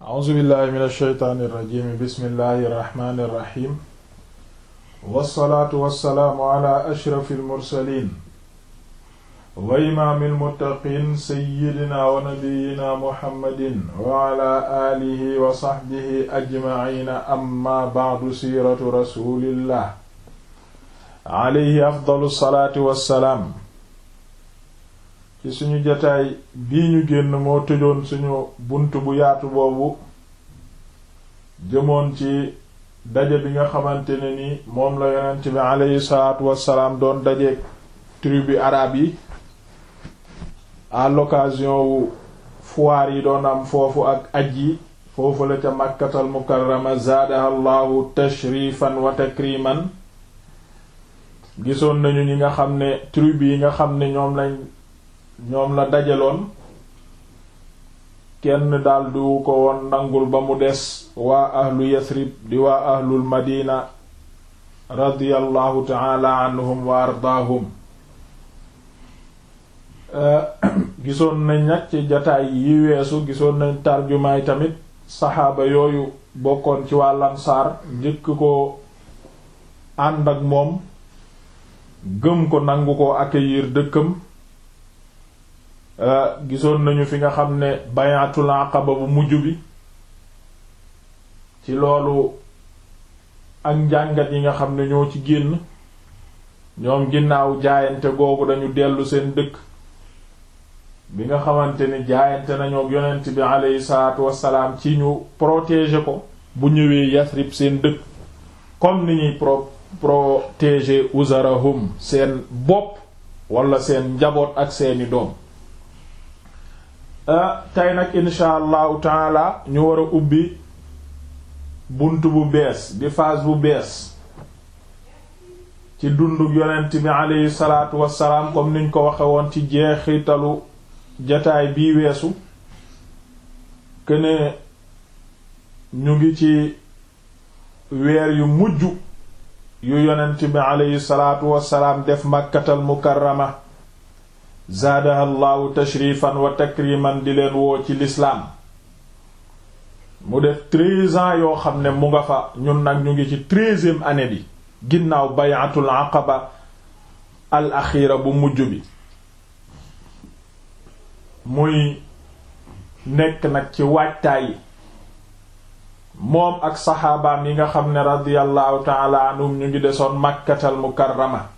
a'uuzu billahi min alsheytaani irrajimi bismillahi irrahmani irrahim wassalaatu wassalaamu ala ashrafi almursalin wa imaami almuttaqin sayidina wa nabiyina muhammadin wa ala aalihi wa saxbihi ajmaciina amma bacdu siiratu rasulillah alayhi afdalu salaatu wassalaam ci suñu jataay bii ñu génn moo tëjoon suñu bunt bu yaatu boobu jëmoon ci daje bi nga xamante ne ni moom la yonent bi aleyhi salaatu wassalaam doon dajeek tribu arab yi à l'occasion wu foire yi doon am foofu ak aj yi foofu la ca màkkatal mukarrama zaadaha llahu tashrifan wa takriman gisoon nañu ñi nga xam ne tribu yi nga xam ne ñoom lañ ñoom la dajaloon kenn daldi wu ko woon nangul ba mu des waa ahlu yasrib di waa ahlul madina radiyallahu taala anhum wa ardaahum eh, gisoon nañ nag jataay yi weesu gisoon nañ tarjumaay tamit saxaaba yooyu bokkoon ci waa lansaar njëkk ko ànd ak moom gëm ko nangu ko accueillir dëkkam Euh, gisoon nañu fi nga xam ne bayatul aqaba bu mujj bi ci loolu ak njàngat yi nga xam ne ñoo ci génn ñoom ginnaaw jaayante googu dañu dellu seen dëkk bi nga xamante ni jaayante nañu ak yonent bi aleyhi salaatu wassalaam ci ñu protéger ko bu ñëwee Yasrib seen dëkk comme ni ñuy pro protéger uzarahum seen bopp wala seen njaboot ak seeni doom Euh, tey nag insha allahu taala ñu war a ubbi bunt bu bees di phase bu bees ci dundug yonent bi aleyhi salaatu wassalaam comme niñ ko waxe woon ci jeexitalu jataay bii weesu këne ñu ngi ci weer yu mujj yu yonent bi aleyhi salaatu wassalaam def màkkatal mukarrama zaadaha allahu tashrifan wa takriman di leen woo ci lislaam mu def treize yoo xam ne mu nga fa ñun nag ñu ngi ci treizième année bi ginnaaw bayatul aqaba al bu mujj bi muy nekk nag ci waajtaay moom ak saxaabaam yi nga xam ne radiyallahu taala anhum ñu ngi desoon màkkatal mukarrama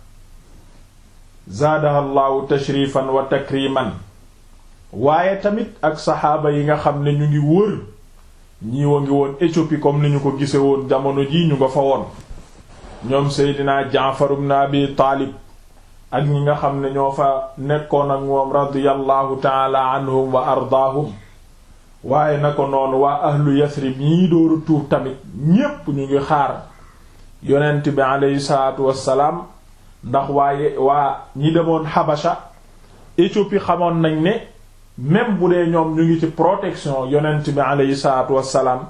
zaadaha llaahu tashrifan wa takriman waaye tamit ak saxaaba yi nga xam ne ñu ngi wër ñi wa ngi woon Éthiopie comme ni ñu ko gise woon jamono ji ñu nga fa woon ñoom seydinaa Jaafar ibn Abi Taalib ak ñi nga xam ne ñoo fa nekkoon ak moom radiyallahu taala anhum wa ardaahum waaye na ko noonu waa ahlu yasrib ñii dooru tuub tamit ñépp ñu ngi xaar yonent bi aleyhi salaatu wassalaam ndax waaye waa ñi demoon Habasha Éthiopie xamoon nañ ne même bu dee ñoom ñu ngi ci protection yonent bi aleyhi salaatu wassalaam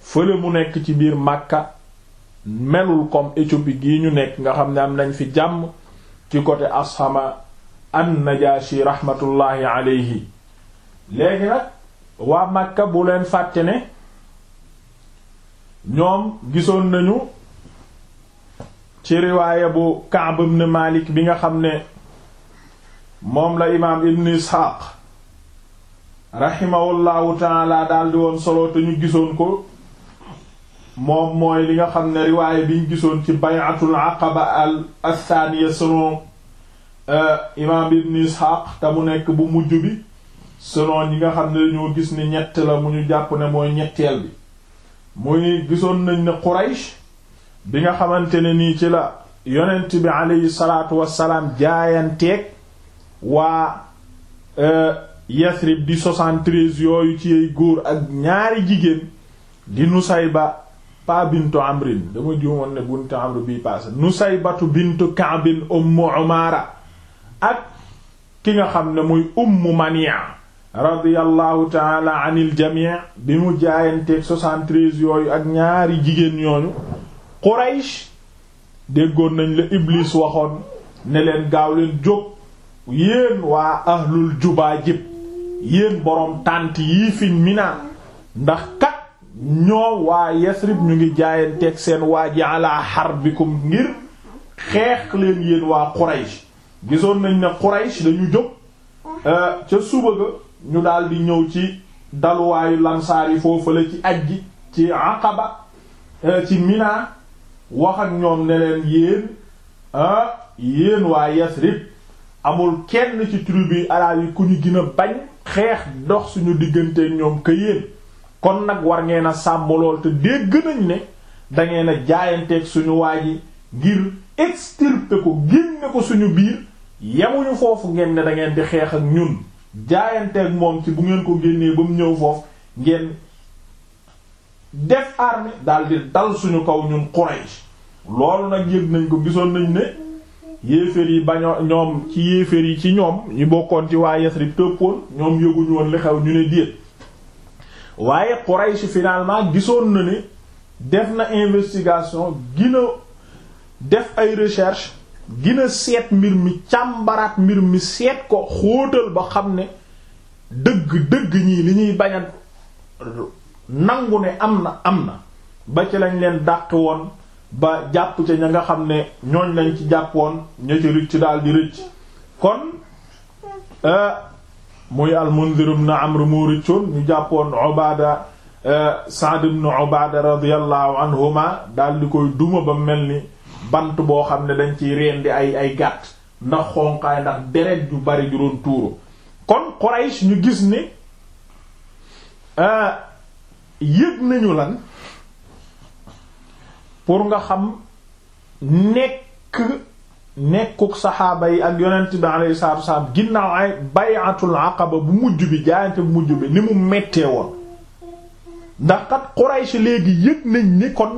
fële mu nekk ci biir màkka melul comme Éthiopie gii ñu nekk nga xam ne am nañ fi jàmm ci côté Ashama an-Najashi rahmatullahi aleyhi léegi nag waa Makka bu leen fàtte ne ñoom gisoon nañu ci riwaaya bu Ka'b ibn Malik bi nga xam ne moom la imaam ibn Isxaaq raximahullahu taala daldi woon solo te ñu gisoon ko moom mooy li nga xam ne riwaaya bi gisoon ci bay'atul aqaba al athaniya selon euh, imaam ibn Isxaaq te mu nekk bu mujj bi selon yi nga xam ne dañoo gis ni ñett la mu ñu jàpp ne mooy ñetteel bi muy gisoon nañ ne Quraysh bi nga xamante ne nii ci la yonent bi aleyhi salaatu wassalaam jaayanteeg waa e, Yasrib di soixante-treize yooyu ci ay góor ak ñaari jigéen di Nusayba pa bintu Amrin dama juumoon ne buntu Amr bi paase Nusaybatu bintu Ka'bin ummu Umaara ak ki nga xam ne muy ummu Mania radiyallahu taala anil jamii bi mu jaayanteeg soixante yooyu ak ñaari jigéen ñooñu Quraysh déggoon nañ la Iblis waxoon ne gaaw leen jóg yéen waa ahlul jubaajib yéen boroom tànt yii fi Mina ndax kat ñoo waa Yasrib ñu ngi jaayanteeg seen waa ji ala harbikum ngir xeex leen yéen waa Quraysh gisoon nañ ne Quraysh dañu jóg euh, ca suba ga ñu daldi ñëw ci daluwaayu lansaar yi foofu la ci ajji ci Aqaba euh, ci Mina wax ak ñoom ne leen yéen ah yéen waa Yasrib amul kenn ci tribu arab yi ku ñu gina a bañ xeex dox suñu diggante ñoom que kon nag war ngeen a sàmm lool te dégg nañ ne dangeen a jaayanteeg suñu waa ji ngir extirper ko génne ko suñu biir yemuñu foofu ngeen ne da ngeen di xeex ak ñun jaayanteeg moom ci bu ngeen ko génnee ba ñëw foofu ngeen def armée daal di dal suñu kaw ñun Quraysh loolu nag yëg nañ ko gisoon nañ ne yéeféer yi bañoo ñoom ci yéeféer yi ci ñoom ñu bokkoon ci waa Yasrib tëppoon ñoom yëguñu woon li xew ñu ne déet waaye Quraysh finalement gisoon na ne def na investigation gina def ay recherche gina seet mbir mi càmbaraat mbir mi seet ko xóotal ba xam ne dëgg dëgg ñii li ñuy bañal nangu ne am na am na ba ci lañ leen dàq woon ba jàpp ca ña nga xam ne ñooñ lañ ci jàpp ña ci rëcc daal di kon euh, muy al-Mundhir ibn Amr mu rëccoon ñu jàppoon Ubaada euh, Sa'd ibn Ubaada radiyallahu anhuma daal di koy duma ba mel ni bant boo xam ne dañ ci reendi ay ay gàtt ndax xonqaay ndax deret ju bari ju doon tuuru kon Quraysh ñu gis ni euh, yëg nañu lan pour nga xam nekk nekkuk saxaaba yi ak yonent bi alayhi salaatu wasalaam ginnaaw ay bay'atul aqaba bu mujj bi jaayante bu mujj bi ni mu mettee woon ndax kat Quraysh léegi yëg nañ ni kon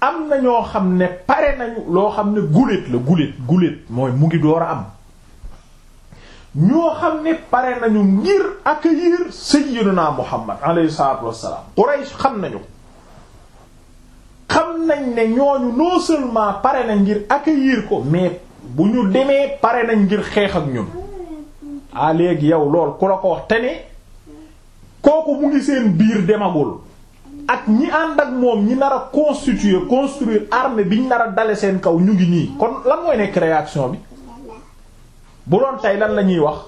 am na ñoo xam ne pare nañu loo xam ne guléet la guléet guléet mooy mu ngi door a am ñoo xam ne pare nañu ngir ak accueillir sayyiduna Muhammad alayhi salaatu wassalaam Quraysh xam nañu xam nañ ne ñooñu non seulement pare nañ ngir accueillir ko mais bu ñu demee pare nañ ngir xeex ak ñun a léegi yow lool ku la ko wax te ne kooku mu ngi seen biir demagul ak ñi ànd ak moom ñi nar a constituer construire armée bi ñu a dale seen kaw ñu ngi nii kon lan mooy nekk réaction bi bu doon tey lan la wax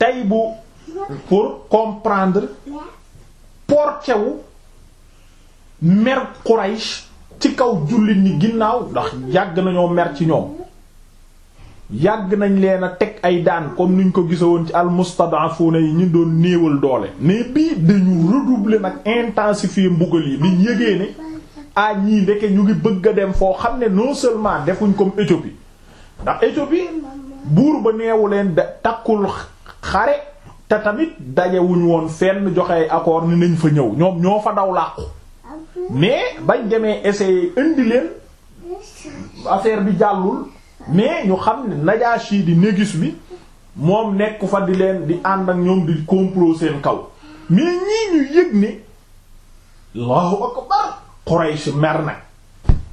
tey bu pour comprendre porté wu mer Quraysh ci kaw jullit ñi ginnaaw ndax yàgg nañoo mer ci ñoom yàgg nañ leen a teg ay daan comme niñ ko woon ci almustad'afuna yi ñu doon néewal doole mais bii dañu redoubler nag intensifier mbugal yi biñ yëgee ne ah ñi ndeke ñu ngi bëgg a dem foo xam ne non seulement defuñ comme Éthiopie ndax Éthiopie buur ba neewu leen da takkul xare te tamit dajewuñ woon fenn joxe accord ni nañ fa ñëw ñoom ñoo fa daw làqu mais bañ demee essayer indi leen affaire bi jàllul mais ñu xam ne Najashi di négus bi moom nekk fa di leen di ànd ak ñoom di complot seen kaw mais ñii ñu yëg ne Allahu akbar Quraysh mer na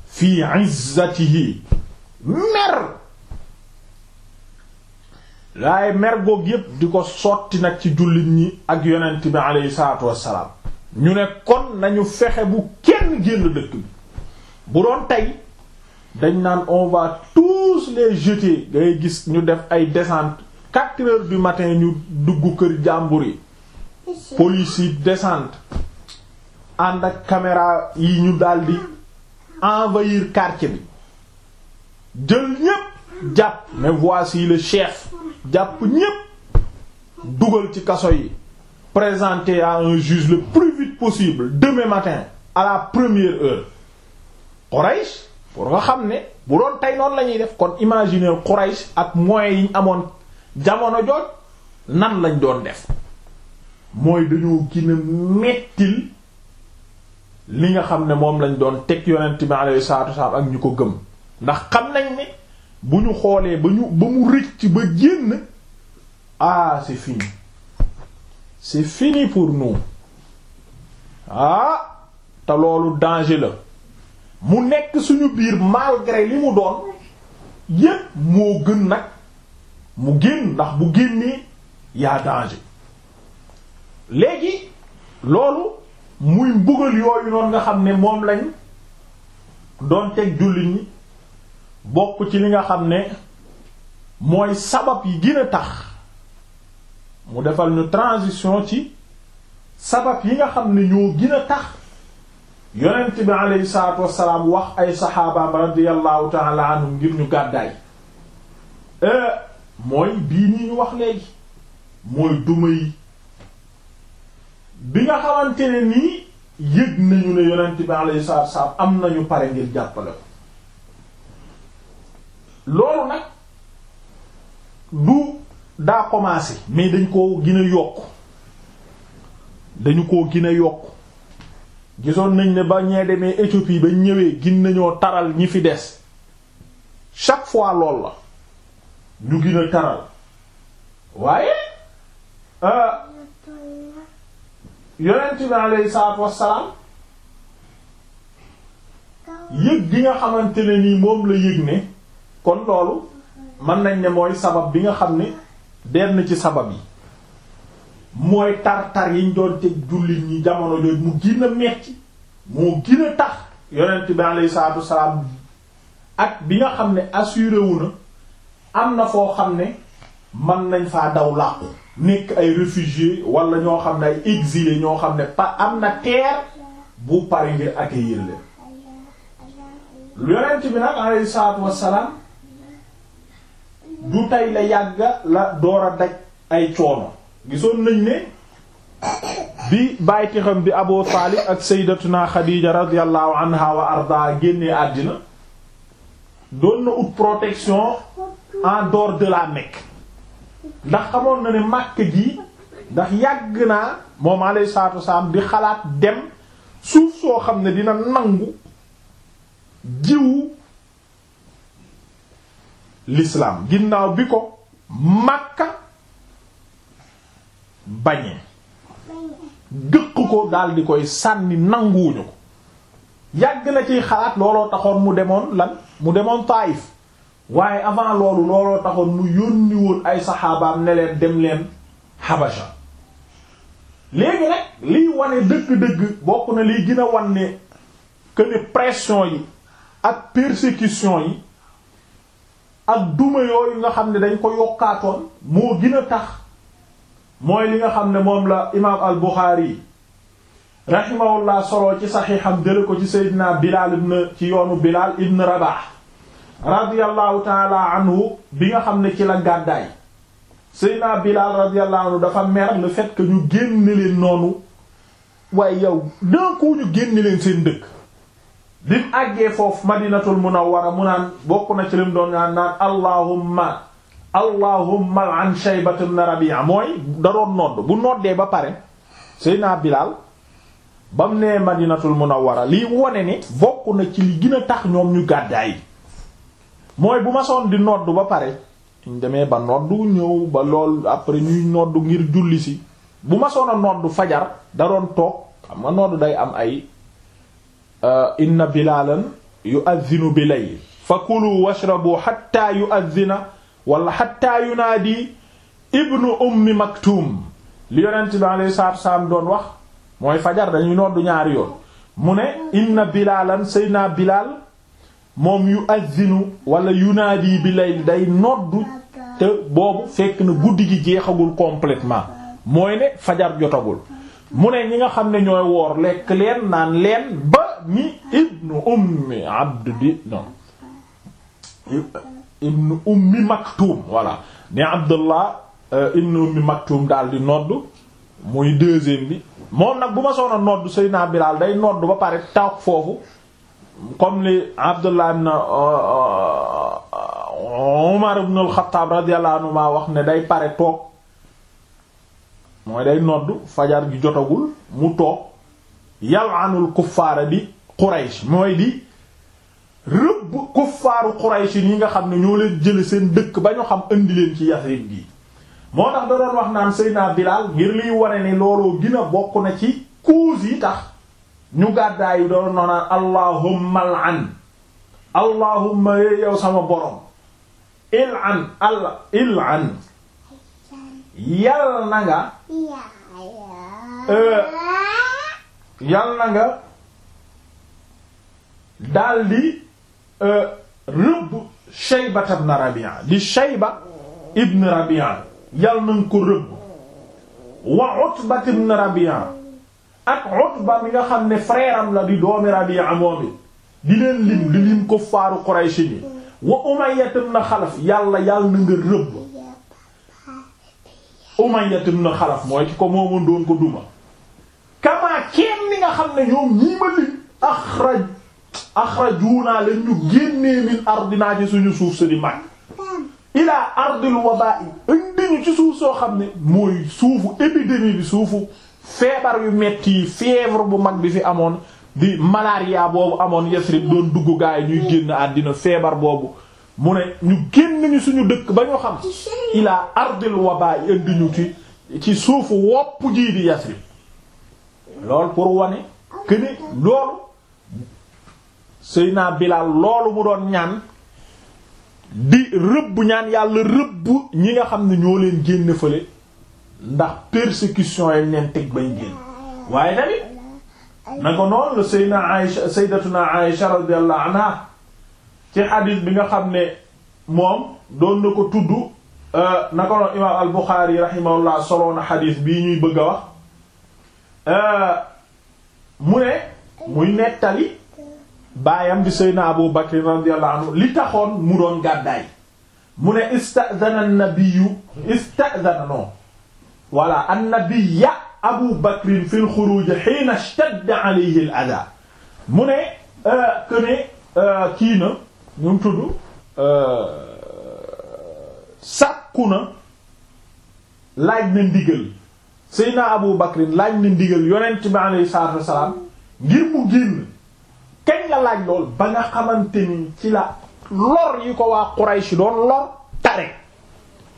fii izzatihi mer laay mer goog yépp di ko sotti nag ci jullit ñi ak yonent bi aleyhi salaatu wassalaam ñu ne kon nañu fexe bu kenn génn dëkk bi bu doon tey dañ naan on va tous les jeter ngay gis ñu def ay descente quatre bi matin ñu dugg kër jàmbur yi police yi descente ànd ak caméra yi ñu daldi envahir quartier bi jël ñépp jàpp mais voici le chef jàpp ñépp dugal ci kaso yi présenté à un juge le plus vite possible demain matin à la première heure Quraish pour nga xam ne bu doon tey noonu la ñuy def kon imaginer Quraish ak moyens yi ñu amoon jamono jooj nan lañ doon def mooy dañoo gën a mettil li nga xam ne moom lañ doon teg yonent bi alayhi salaatu wasallam ak ñu ko gëm ndax xam nañ ne bu ñu xoolee ba ñu ba mu rëcc ba génn ah c'est fini c'est fini pour nous ah te loolu danger la mu nekk suñu biir malgré li mu doon yépp moo gën nag mu génn ndax mu génnee yaa danger léegi loolu muy mbugal yooyu noonu nga xam ne moom lañ doon teg jullit ñi bokk ci li nga xam ne mooy sabab yi gin a tax mu defal ñu transition ci sabab yi nga xam ne ñoo gën a tax yonent bi aleyhi salaatu wassalaam wax ay saxaabaam radiyallahu taala anhum ngir ñu gàddaay euh, mooy bii nii ñu wax léegi mooy duma yi bi nga xamante ne nii yëg nañu ne yonent bi aleyhi salaatu wassalaam am nañu pare ngir jàppale ko loolu nag du daa commencé mais dañ koo gën yokk dañu koo gën yokk gisoon nañ ne ba ñee demee Éthiopie ba ñëwee gin nañoo taral ñi fi des chaque fois lool la ñu gën a taral waaye euh, yonent bi alayhi salaatu yëg gi nga xamante ne nii moom la yëg ne kon loolu mën nañ ne mooy sabab bi nga xam ne benn ci sabab yi mooy tar-tar yiñ doon teg jullit ñi jamono jooju mu gën a metti moo gën a tax yonent bi alayhi salaatu ak bi nga xam ne assuré wu am na foo xam ne mën nañ faa daw làqu nekk ay réfugiés wala ñoo xam ne ay exilés ñoo xam ne pa am na terre bu pare ngir accueillir leen yonent bi nag alayhi salaatu wasalaam du tey la yàgga la door a daj ay coono gisoon nañ ne bi bàyti xam bi Abu Taalib ak sayyidatuna Xadiija radiyallahu anha wa arda génnee àddina doon na ut protection en dehors de la Mecque ndax xamoon na ne Màkka gi ndax yàgg naa moom alayhi salaatu wasalaam di xalaat dem suuf soo xam ne dina nangu jiwu lislaam ginnaaw bi ko Makka bañee dëq ko daldi koy sànni nanguwuñu ko yàgg na ciy xalaat looloo taxoon mu demoon lan mu demoon Taayif waaye avant loolu looloo taxoon mu yónni woon ay saxaabaam ne dem leen Habasha léegi nag liy wane dëgg-dëgg bokk na liy gën a wan ne que ne pression yi ak persécution yi ak duma yooyu nga xam ne dañ ko yokkaatoon moo gën a tax mooy li nga xam ne moom la imaam al Buxaari rahimahullah solo ci saxiixam jële ko ci Seydina Bilaal ci yoonu Bilaal ibn bi nga xam ne ci la gàddaay Seydina Bilaal radiyallahu anhu dafa mer le fait ñu génn leen noonu waaye yow d'un ñu génn leen seen dëkk bi mu àggee foofu madinatul munawwara mu naan bokk na ci lim doon naan naan allahumma allahumma an shaybata ibn rabi'a mooy da doon nodd bu noddee ba pare Seydina Bilaal ba mu nee madinatul munawwara liy wone ne bokk na ci li gën a tax ñoom ñu gàddaay mooy bu ma soon di nodd ba pare ñu demee ba nodd ñëw ba lool après ñuy nodd ngir julli si bu ma soon a nodd fajar da doon toog xam nga nodd day am ay Uh, inna bilalan yu'adhdhinu bi layl fakulu washrabu hatta yu'adhdhina wala hatta yunaadi ibnu ummi maktum li yonent bi alayhi salaatu doon wax mooy fajar dañuy noddu ñaari yoon mu ne inna bilalan sayna bilal moom yu'adhdhinu wala yunaadi bi layl day noddu te boobu fekk na guddi gi jeexagul complètement mooy ne fajar jotagul mu ne ñi nga xam ne ñooy woor lekk leen naan leen ba ni ibnu ummi maktum voilà ni abdullah euh, ibnu ummi maktum daal di nodd muy deuxième bi moom nag bu ma soona nodd Seydina Bilaal day nodd ba pare taak foofu comme li abdullah ibn euh, euh, Umar ibn al-Khattab radiyallahu wax ne day pare toog mooy day nodd fajar gi jotagul mu toog yal'anul kuffaara di Quraysh mooy di rëbb kuffaaru Quraysh yi nga xam ne ñoo leen jële seen dëkk ba ñu xam indi leen ci Yasrib gi moo tax da doon wax naan Seydina Bilaal ngir liy ware ne looloo gën a bokk na ci cause yi tax ñu gàddaayu doon noonaan allahumma al'an allahumma yow sama borom il'an al il'an yal na nga yal na nga daldi euh, rëbb Shayba ibn Rabi'a di Shayba ibn Rabi'a yal na nga ko rëbb wa Utba ibn Rabi'a ak Utba mi nga xam ne frère am la di doomi Rabi'a moom it di leen lim di lim ko faaru ni wa Umayya ibn Khalaf yàlla yàlla na nga rëbb Umayya ibn Xalaf mooy ki ko moomoon doon ko duma kamaa kenn nga xam ne ñoom ñii ma lim axraj axrajuuna lañ ñu génnee min ardinaa ci suñu suuf sa di mag ilaa ardil wabaa'i indi ñu ci suuf soo xam ne mooy suufu épidémie bi suufu feebar yu metti yi fièvre bu mag bi fi amoon di malaria boobu amoon Yasrib doon dugg gaay ñuy génn àddina feebar boobu mu ne ñu génn ñu suñu dëkk ba ñu xam ilaa ardil wabaa indi ñu ci suufu wopp jii di Yasrib loolu pour wane que ni loolu Seydina Bilaal loolu mu doon ñaan di rëbb ñaan yàlla rëbb ñi nga xam ne ñoo leen génn fële ndax persécution yi leen teg bañ génn waaye tamit na ko noonu la Seydina Aïcha Sayyidatuna Aïcha radiyallahu anha ci xadis bi nga xam ne moom doon na ko tudd euh, naka noonu imaam al Buxaari rahimahullah soloona xadis bii ñuy bëgg a wax euh, mu ne muy nettali baayam di Seydina Abu Bakr radiyallahu anhu li taxoon mu doon gàddaay mu ne istadana nabiyu istadana noonu voilà annabiyya Abu Bakr fi al-xuruuj hiina ishtadda alayhi al-adaa mu ne euh, que ne kii na ñu tudd euh, sàkku na laaj na ndigal Seydina Abu Bakrin laaj na ndigal yonent bi alayhi salaatu wassalaam ngir mu génn kañ la laaj lool ba nga xamante ni ci la lor yi ko waa Quraysh doon lor tare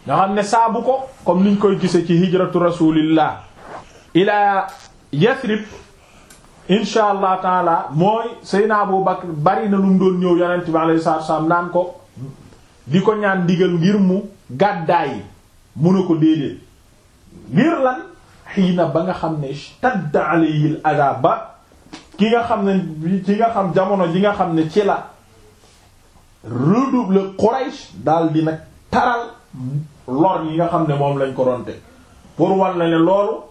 nga xam ne saabu ko comme niñ koy gise ci hijratu rasulillah ila Yathrib insha allah taala mooy Seydina Abu Bakr bari na lu mu doon ñëw yonent bi alayhi salaatu salaam naan ko di ko ñaan digal ngir mu gàddaay mu ne ko déedéet ngir lan xiina ba nga xam ne stadd alayhi al ada ba ki nga xam ne ci nga xam jamono ji nga xam ne ci la redouble Quraysh daal di nag taral lor yi nga xam ne moom lañ ko doon teg pour wan la ne loolu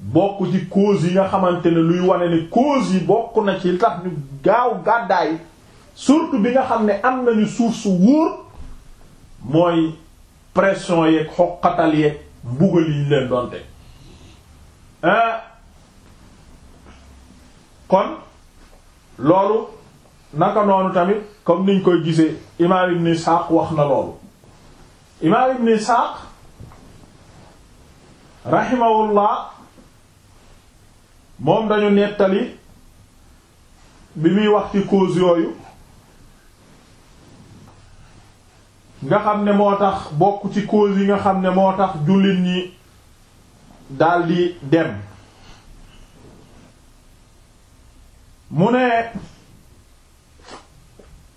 bokk ci cause yi nga xamante ne luy wane ni cause yi bokk na ci tax ñu gaaw gàddaay surtout bi nga xam ne am nañu suuf su wóor mooy pression yeeg xoqatal yeeg mbugal yi ñu leen doon kon loolu naka noonu tamit comme niñ koy gisee imaam ibn Isaaq wax na loolu imaam ibn Isaaq rahimahullah moom dañu nettali bi muy wax ci cause yooyu nga xam ne moo tax bokk ci cause yi nga xam ne moo tax jullit ñi daldi dem mu ne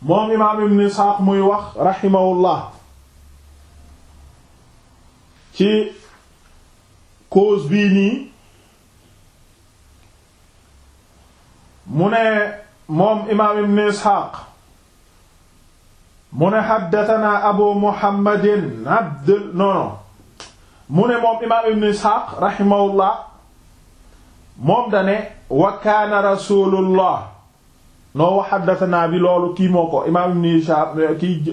moom imaam ibn Isxaaq muy wax raximahullah ci cause bii nii mu ne moom imaam ibn isxaaq mu ne xaddatanaa abu muhammadin abdul noonu mu ne moom imaam ibn isxaaq raximahullah moom dane wa kaana rasulullah noo wa xaddatanaa bi loolu kii moo ko imaam ibn hishaam kiy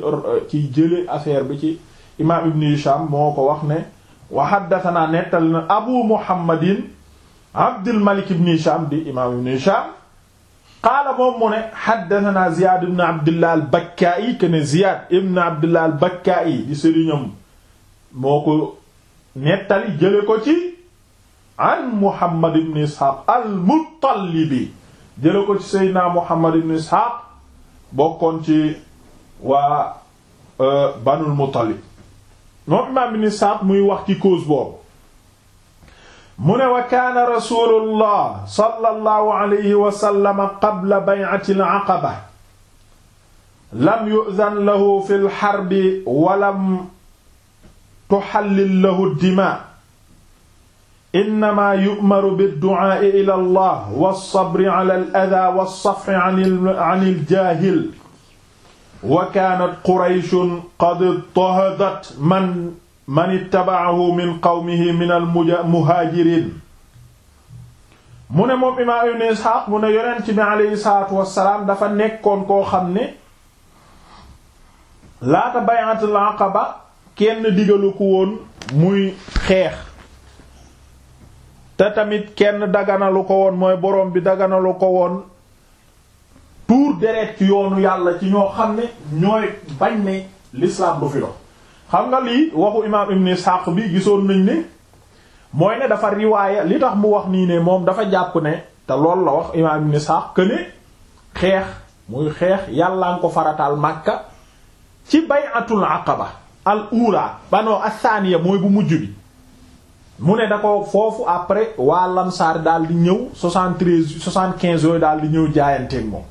kiy jële bi ci imaam ibn hishaam moo ko wax ne wa xaddatanaa nettal na abu muhammadin abdul malik ibn hishaam di imaam ibn hishaam qaala moom mu ne xaddatanaa Ziyaad ibn Abdillah al-Bakkaa'i kene Ziyaad ibn Abdillah al-Bakkaa'i di sëriñam moo ko nettali jële ci an Muhammad ibn Isxaaq al-Muttalibi jële ko ci Seydina Muhammad ibn Isxaaq bokkoon ci waa euh, Banul Muttalib moom imaam ibn muy wax ci cause boobu mu ne wa kaana rasulullah sallallahu alayhi wa sallam qabla bay'ati al-aqaba lam yu'zan lahu fi al-harbi wa lam tuhallil lahu ad-dimaa innamaa yu'maru bid-du'aa'i ila Allah was-sabri 'ala al-adhaa was-safhi 'an al-jaahil wa kaanat Qurayshun qad ittahadat man man ittaba'ahu min qawmihi min al mu ne moom imaam ibn Isxaaq mu ne yonent bi aleyhi salaatu dafa nekkoon koo xam ne laata bay'atul aqaba kenn digalu ko woon muy xeex te tamit kenn daganalu ko woon mooy boroom bi daganalu ko woon tuur deret yoonu yàlla ci ñoo xam ne ñooy bañ ne l'islam du fi dox xam nga lii waxu imaam ibn Ishaq bi gisoon nañ ne mooy ne dafa riwaaya li tax mu wax nii ne moom dafa jàpp ne te loolu la wax imaam ibn Ishaq que ne xeex muy xeex yàlla nga ko farataal Makka ci bay'atul aqaba al ula banoo athaniya mooy bu mujj bi mu ne da ko foofu après waa lamsaar daal di ñëw soixante-treize soixante-quinze daal di ñëw jaayanteen moom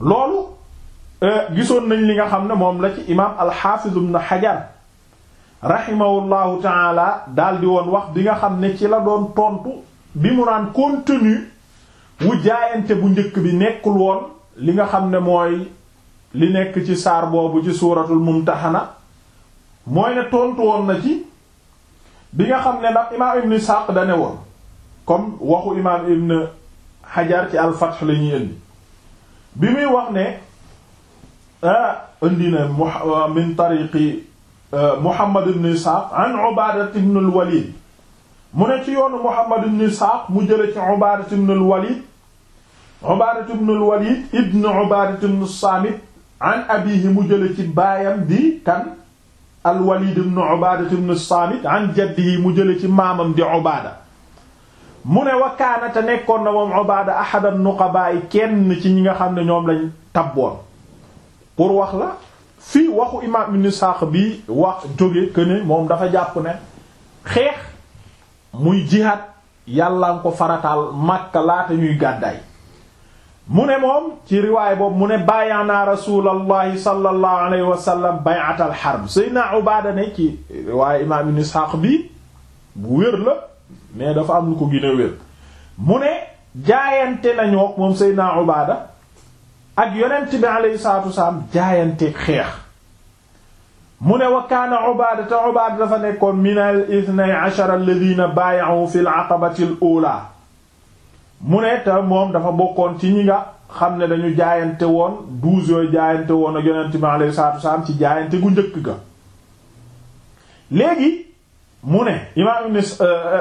loolu Euh, gisoon nañ li nga xam ne moom la ci imaam alxaafiz ibn xajar rahimahullahu taala daal di woon wax di nga xam ne ci la doon tontu bi mu naan contenu wu jaayante bu njëkk bi nekkul woon li nga xam ne mooy li nekk ci saar boobu ci suuratul mumtaxana mooy ne tontu woon na ci bi nga xam ne ndax imaam ibn Isxaaq dane woon comme waxu imaam ibn Hajar ci al-Fath la bi muy wax ne Ah, indi na ah, min tariqi ah, Muhammad ibn Isxaaq an Ubaadat ibn al-Waliid mu ne ci yoonu Muhammad ibn Isxaaq mu jële ci Ubaadat ibn al-Waliid Ubaadat ibn al-Waliid ibn Ubaadat ibn Saamit an abiihi mu jële ci baayam di kan al-Waliid ibn Ubaadat ibn Saamit an jaddihi mu jële ci maamam di Ubaada mu ne wa kaana te nekkoon na moom Ubaada ahad an-nuqabaa kenn ci ñi nga xam ne ñoom lañ tabboon pour wax la fii waxu imaam ibn Sa'd bi wax jóge que ne moom dafa jàpp ne xeex muy jihaad yàlla nga ko farataal Makka laata ñuy gàddaay mu ne moom ci riwaay boobu mu ne bàyyaanaa rasulallahi sallallahu alayhi wa sallam bay'atal harb Seydina Ubaada ne ci riwaay imaam ibn Sa'd bi bu wér la mais dafa am lu ko gën wér mu ne jaayante nañu ak moom Seydina Ubaada ak yonent bi alayhi salaatu wasalaam jaayanteeg xeex mu ne wa kaana Ubaada te Ubaada dafa nekkoon min al ithnay ashara alladhina baaya'u fil aqabati al ula mu ne te moom dafa bokkoon ci ñi nga xam ne dañu jaayante woon douze yooyu jaayante woon ak yonent bi alayhi salaatu wasalaam ci jaayante gu njëkk ga léegi mu ne imaam ibn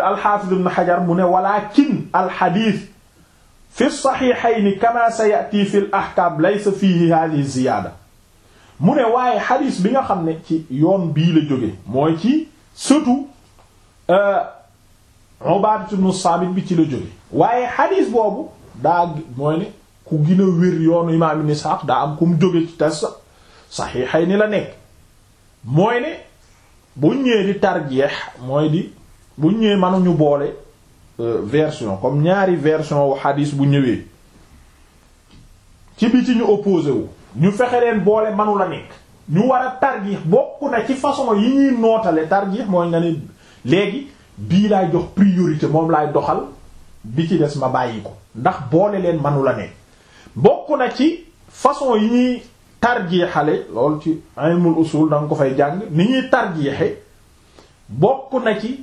al-Hafiz ibn mu ne walaa al hadith fi saxiixayni kama sayati fi l ahkaam laysa fiihi hadihi ziyaada mu ne waaye xadis bi nga xam ne ci yoon bii la jóge mooy ci surtout euh, Ubaadatu ibnu bi ci la waaye xadis boobu daa mooy ne ku gën a wér yoonu imaam ibnu Isxaaq daa am ku mu jóge ci tas ni la nekk mooy ne bu ñëwee di tarjeex mooy di bu ñëwee mënuñu boole Euh, version comme ñaari version wu xadiis bu ñëwee ci bi ci ñu opposé wu ñu fexe leen boole manu la nekk ñu war a tarjix bokk na ci façon yi ñuy nootale tarjix mooy nga ne léegi bii laay jox priorité moom laay doxal bi ci des ma bàyyi ko ndax boole leen manu la nekk bokk na ci façon yi ñuy tarjiixale loolu ci ilmul usul da nga ko fay jàng ni ñuy tarjiixe bokk na ci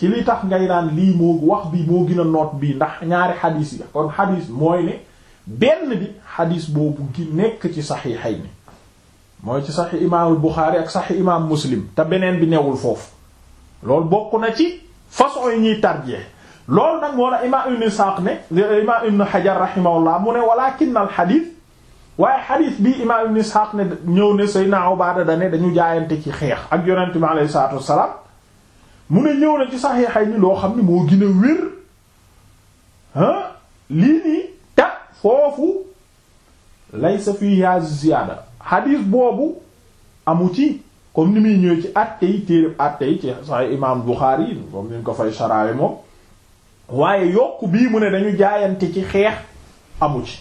ci li tax ngay naan lii moo wax bi moo gën a noot bii ndax ñaari xadis yi kon xadis mooy ne benn bi xadis boobu gi nekk ci saxiixay ni mooy ci saxi imaamul Buxaari ak saxi imaam Muslim te beneen bi newul foofu lool bokk na ci façon yi ñuy tarjee loolu nag moo la imaam ibn Isaaq ne imaam ibn Hajar rahimahullah mu ne walaakin al xadis waaye xadis bi imaam ibn Isaaq ne ñëw ne Seydina Ubaada da ne dañu jaayante ci xeex ak yonent bi alayhi salaatu wassalaam mu ne ñëw na ci saxiixay ni loo xam ne moo gën a wér ah, lii nii ta foofu laysa fiha ziyaada xadiis boobu amu ci comme ni muy ñëwee ci àtte yi téeréb àtte yi ci sax imaam Buxaari yi comme niñ ko fay sharaawe moom waaye yokk bii mu ne dañu jaayante ci xeex amu ci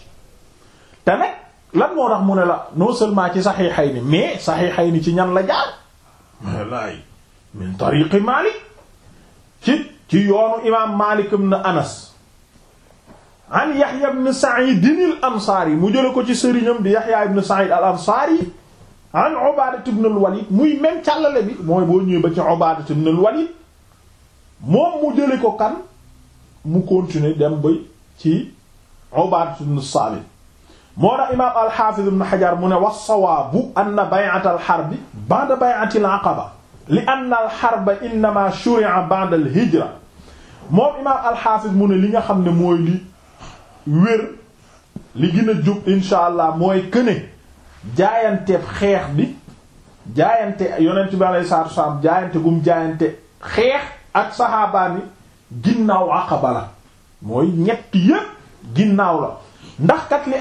te nag lan moo tax mu ne la noo seulement ci saxiixay ni mais saxiixay ni ci ñan la jaar wallaay min tariqi Malik ci ci yoonu imaam Malik ibn Anas an Yahya ibn Sa'id al mu jële ko ci sëriñam di Yahya ibn Sa'id al an Ubadat ibn al muy même càllale bi mooy boo ñëwee ba ci Ubadat ibn al moom mu jële ko kan mu continuer dem ba ci Ubadat ibn Samit moo tax imaam al-Hafiz Hajar mu ne wa sawaabu anna bay'at al ba'da bay'at al li anna alxarba innama shuri'a ba'da al hijra moom imaam alxaafis mu ne li nga xam ne mooy li wér li gën a jub insha allah mooy këne jaayanteeb xeex bi jaayante yonent bi alayhi salaatu wassalaam jaayante gum jaayante xeex ak saxaabaan yi ginnaaw aqaba la mooy ñett yépp ginnaaw la ndax kat li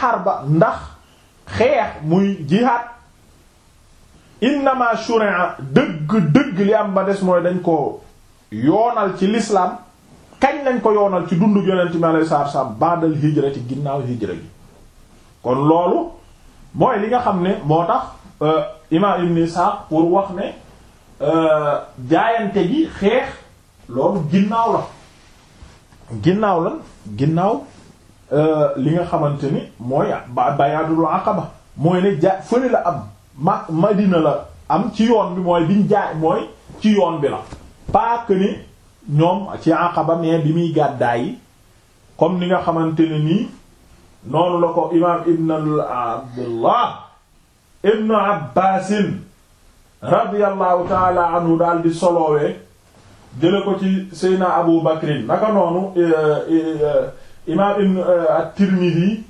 xar ba ndax xeex muy jihaad innama shuri'a dëgg-dëgg li am ba des mooy dañ ko yoonal ci lislaam kañ lañ ko yoonal ci dundu yonent mi alayhi salaatu wasallam baadal hijra ci ginnaaw hijra gi kon loolu mooy li nga xam ne moo tax euh, imaam ibn Isaaq pour wax ne euh, jaayante gi xeex loolu ginnaaw la ginnaaw euh, li nga xamante ni mooy bayaadul aqaba mooy ne ja fële la am ma Madina la am ci yoon bi mooy biñ jaay mooy ci yoon bi la pas ni ñoom ci Aqaba mais bi muy gàddaay yi comme ni nga xamante ne nii noonu la ko imaam ibn Abdullah ibn Abbaasin radiyallahu taala anhu daal di solowee jële ko ci Seydina Abu Bakrin naka noonu eh, eh, eh, imaam ibn at-Tirmidhi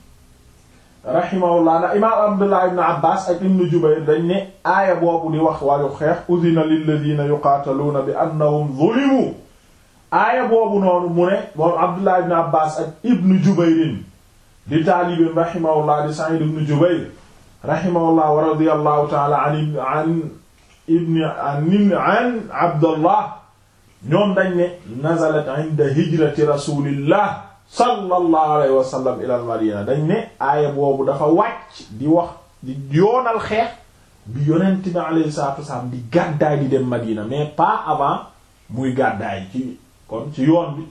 rahimahullah na imaam abdullah ibn abbas ak ibn jubayr dañ ne aaya boobu di wax wàllu xeex udina lilladina yuqaataluuna bi annahum zulimu aaya boobu noonu mu ne moom abdullah ibn abbas ak ibn jubayrin di taalibin rahimahullah di sa'id ibn jubayr rahimahullah wa radiyallahu ta'ala an an ibn an an abdullah ñoom dañ ne nazalat inda hijrati rasulillah sallallahu alayhi wa sallam ila al dañ ne aaya boobu dafa wàcc di wax di yoonal xeex bi yonent bi alayhi salatu wasallam di gàddaay di dem madina mais pas avant muy gàddaay ci kon ci yoon bi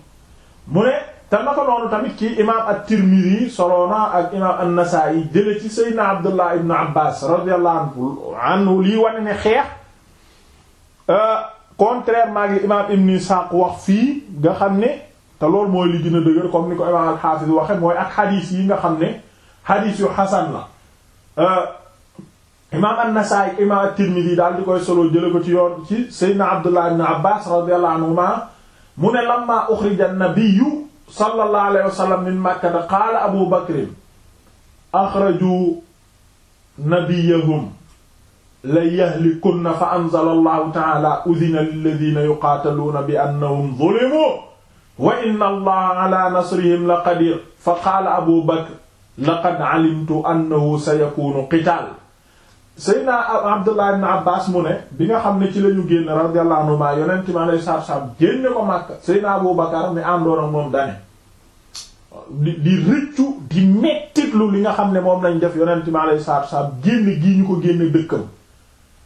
mu ne te naka noonu tamit ci imaam at soloona ak imaam an jële ci sayyidina Abdullah ibn Abbas radiyallahu anhu lii wane ne xeex euh, contrairement ak li imaam Ibn Ishaq wax fii nga xam ne te loolu mooy li gën a dëgër comme ni ko imam al-Hafiz waxe mooy ak xadiis yi nga xam ne xadiis yu xasan la euh, imam an-Nasa'i imam at-Tirmidhi daal di koy solo jële ko ci yoon ci sayyidina Abdullah ibn Abbas radiyallahu anhuma mu ne lamma ukhrija an-nabiyyu sallallahu alayhi wa sallam min makkata qaala Abu Bakr akhraju nabiyahum la yahlikunna fa anzala Allahu ta'ala udhina lilladhina yuqataluuna bi annahum zulimu wa inna allaha ala nasrihim la qadir fa qaala abu bakr laqad alimtu annahu sayakunu qitaal seydna abdullah ibn abbas mu ne bi nga xam ne ci lañu génn radiyallahu anhu ma yonent ma lay saab-saab génne ko Makka seydna abu bakar mi àndoon ak moom dane di rëccu di mettitlu li nga xam ne moom lañ def yonent ma lay saab-saab génn gii ñu ko génne dëkkam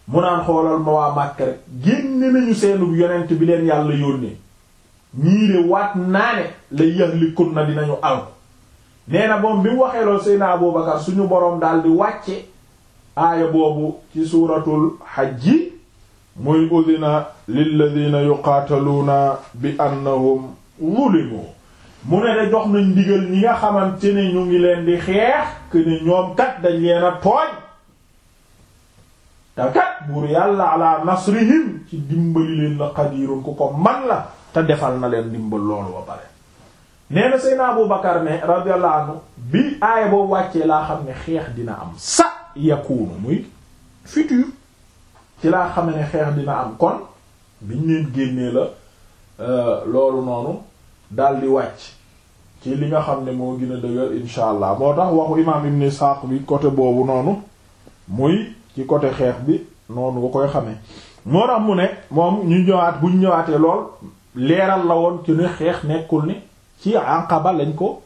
mu naan xoolal ma waa Makka rek génne nañu seenu yonent bi leen yàlla yónnee ñii de waat naa ne la yaxlikun na dinañu alku nee na moom bi mu waxee loolu Seydina suñu boroom daal di wàcce aaya boobu ci suuratul xajji muy udina lilladina yuqaataluuna bi annahum zulimu mu ne de jox nañ ndigal ñi nga xamante ne ñu ngi leen di xeex que ñoom kat dañ leen a tooñ te kat buur yàlla ala nasrihim ci dimbali leen la ku ko man la te defal na leen dimbal loolu ba pare nee na Seydina Abu Bakar ne radiyallahu bi aaya boobu wàccee laa xam ne xeex dina am sa yakuunu muy futur ci laa xam ne xeex dina am kon bi leen génnee la euh, loolu noonu daldi wàcc ci li nga xam ne moo gina a dëgër insha allah moo tax waxu imaam Ibn Ishaq bi côté boobu noonu muy ci côté xeex bi noonu nga koy xamee moo tax mu ne moom ñu ñëwaat buñ ñëwaatee lool leeral la woon ci ne xeex nekkul ne ci Aqaba lañ ko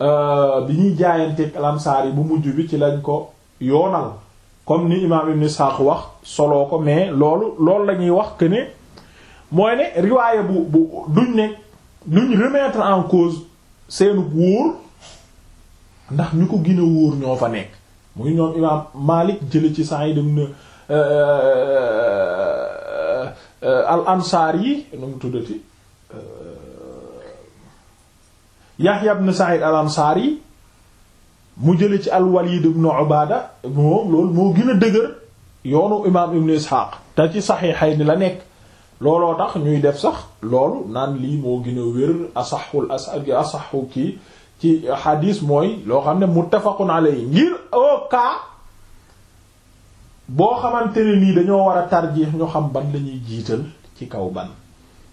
euh, bi ñuy jaayanteeg lamsaar yi bu mujj bi ci lañ ko yoonal comme ni imaam Ibn Sa'd wax soloo ko mais loolu loolu la wax que ne mooy ne riwaaya bu bu duñ ne duñ remettre en cause seenu wóor ndax ñu ko gën a wóor ñoo fa nekk muy ñoom imaam Malik jële ci Sa'id ibn euh, Euh, al ansaar yi nu mu tuddati euh, Yahya ibn Sa'id al ansaar yi mu jële ci al Walid ibn Ubaada moom loolu moo gën a dëgër yoonu imaam ibn Ishaq te ci Sahihayni la nekk looloo tax ñuy def sax loolu naan lii moo gën a wér asaxul asaxu kii ci xadiis mooy loo xam ne muttafaqun alayhi ngir au cas boo xamante ne lii dañoo war a tarjiix ñu xam ban lañuy jiital ci kaw ban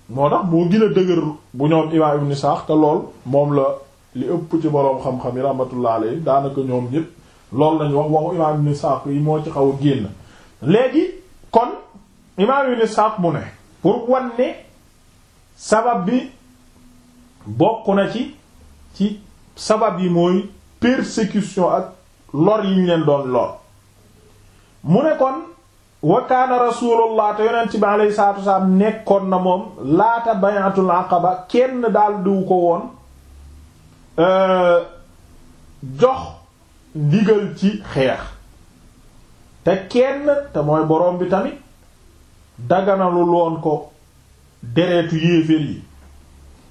moo tax moo gën a dëgër bu ñoom imaam ibn Sa'd te lool moom la li ëpp ci boroom xam-xam yi rahmatullah alayhi daanaka ñoom ñépp loolu lañu wax waxu imaam ibn Sa'd yi moo ci xaw a génn léegi kon imaam ibn Sa'd mu ne pour wan sabab bi bokk na ci ci sabab yi mooy persécution ak lor yi ñu leen doon lor mu ne kon wa kaana rasulullah te yonent bi alayhi salaatu wasalaam nekkoon na moom laata bayatul aqaba kenn daal diwu ko woon euh, jox ndigal ci xeex te kenn te mooy boroom bi tamit daganalu loon ko deretu yéeféer yi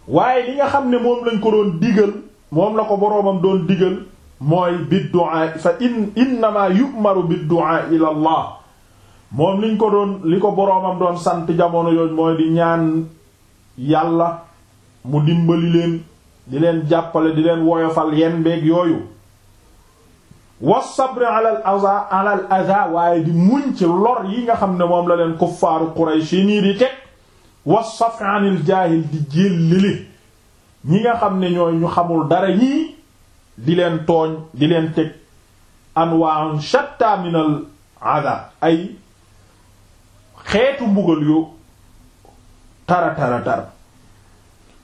waaye li nga xam ne moom lañ ko doon digal moom la ko boroomam doon digal mooy biddu'a fa in innama yu'maru biddu'a ila allah moom liñ ko doon li ko boroomam doon sant jamono yooyu mooy di ñaan yàlla mu dimbali leen di leen jàppale di leen woyofal yenn beeg yooyu wasabri alal aza alal aza waaye di muñ ci lor yi nga xam ne moom la leen kuffaaru Qurayshi nii di teg wasafi anil jaahil di lili ñi nga xam ne ñooy ñu xamul dara ñii di leen tooñ di leen teg anwa'un shatta min al adab ay xeetu mbugal yu tara tara tara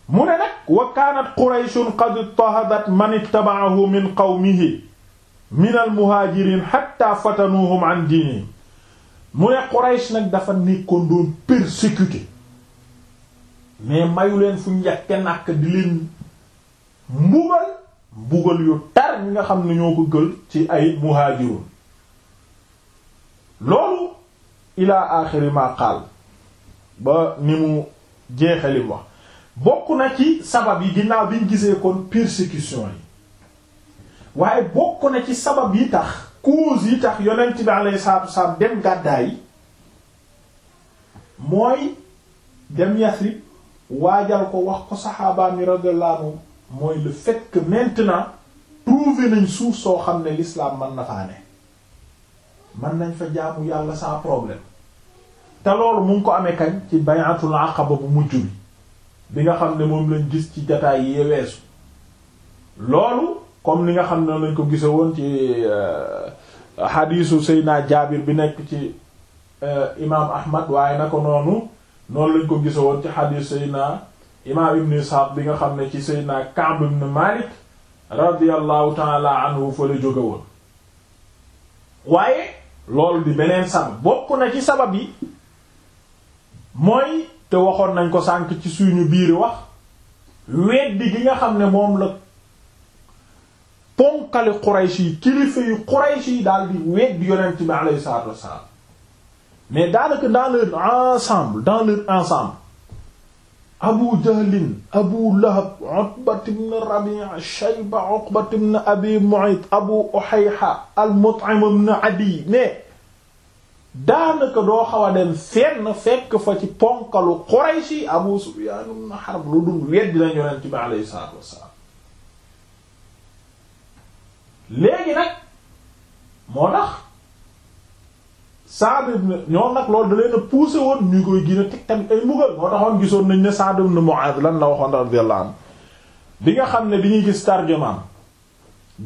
mu ne nag wa kaanat qurayshun qad ittahadat man ittaba'ahu min qawmihi min al muhajirin hatta fatanuhum an diinihim mu ne quraysh nag dafa nekkoon doon persécuté mais mayu leen fu njàkke nak di leen mbugal mbugal yu tar ñi nga xam ne ko gël ci ay muhaajirun loolu ila axiri ma ba ni mu jeexalim wax bokk na ci sabab yi ginnaaw biñ gisee kon persécution yi waaye bokk na ci sabab yi tax cause yi tax yonent bi alayhi salaatu mooy dem Yasrib waajal ko wax ko saxaaba mi radiyallahu anhu mooy le fait que maintenant trouver nañ suuf soo xam ne l'islam mën na faa ne mën nañ fa jaamu yàlla sans problème te loolu mu ko amee kañ ci bay'atul aqaba bu mujj bi bi nga xam ne moom lañ gis ci jataay yi weesu loolu comme ni nga xam ne lañ ko gise woon ci euh, hadisu Seydina Jaabir bi nekk ci euh, imaam Ahmad waaye na ko noonu noonu lañ ko gise woon ci hadis Seydina imaam ibn Isxaaq bi nga xam ne ci Seydina Ka'b ibn Maalik radiyallahu taala anhu fa la jóge woon waaye loolu di beneen sabab bokk na ci sabab yi mooy te waxoon nañ ko sànk ci suñu biir wax weddi gi nga xam ne moom la ponkali Quraysh yi kilifa yu Quraysh yi daal di weddi yonent bi alayhi salaatu wassalaam mais daanaka dans leur ensemble dans ensemble abu jahlin abu lahab utbat ibn rabi'a shayba uqbat ibn abi mu'ayt abu uhayha al mut'im ibn adi mais daanaka doo xaw a dem fenn fekk fa ci ponkalu qurayshi abu sufyan ibn harb lu dul weddi na yonent bi alayhi salaatu wassalaam léegi nag moo tax Saad ibn ñoom nag loolu da leen a woon ñu koy gën teg tamit ay mbugal moo taxoon gisoon nañ ne Saad ibn Mu'adh lan la waxoon radiyallahu anhu bi nga xam ne bi ñuy gis tarjumaam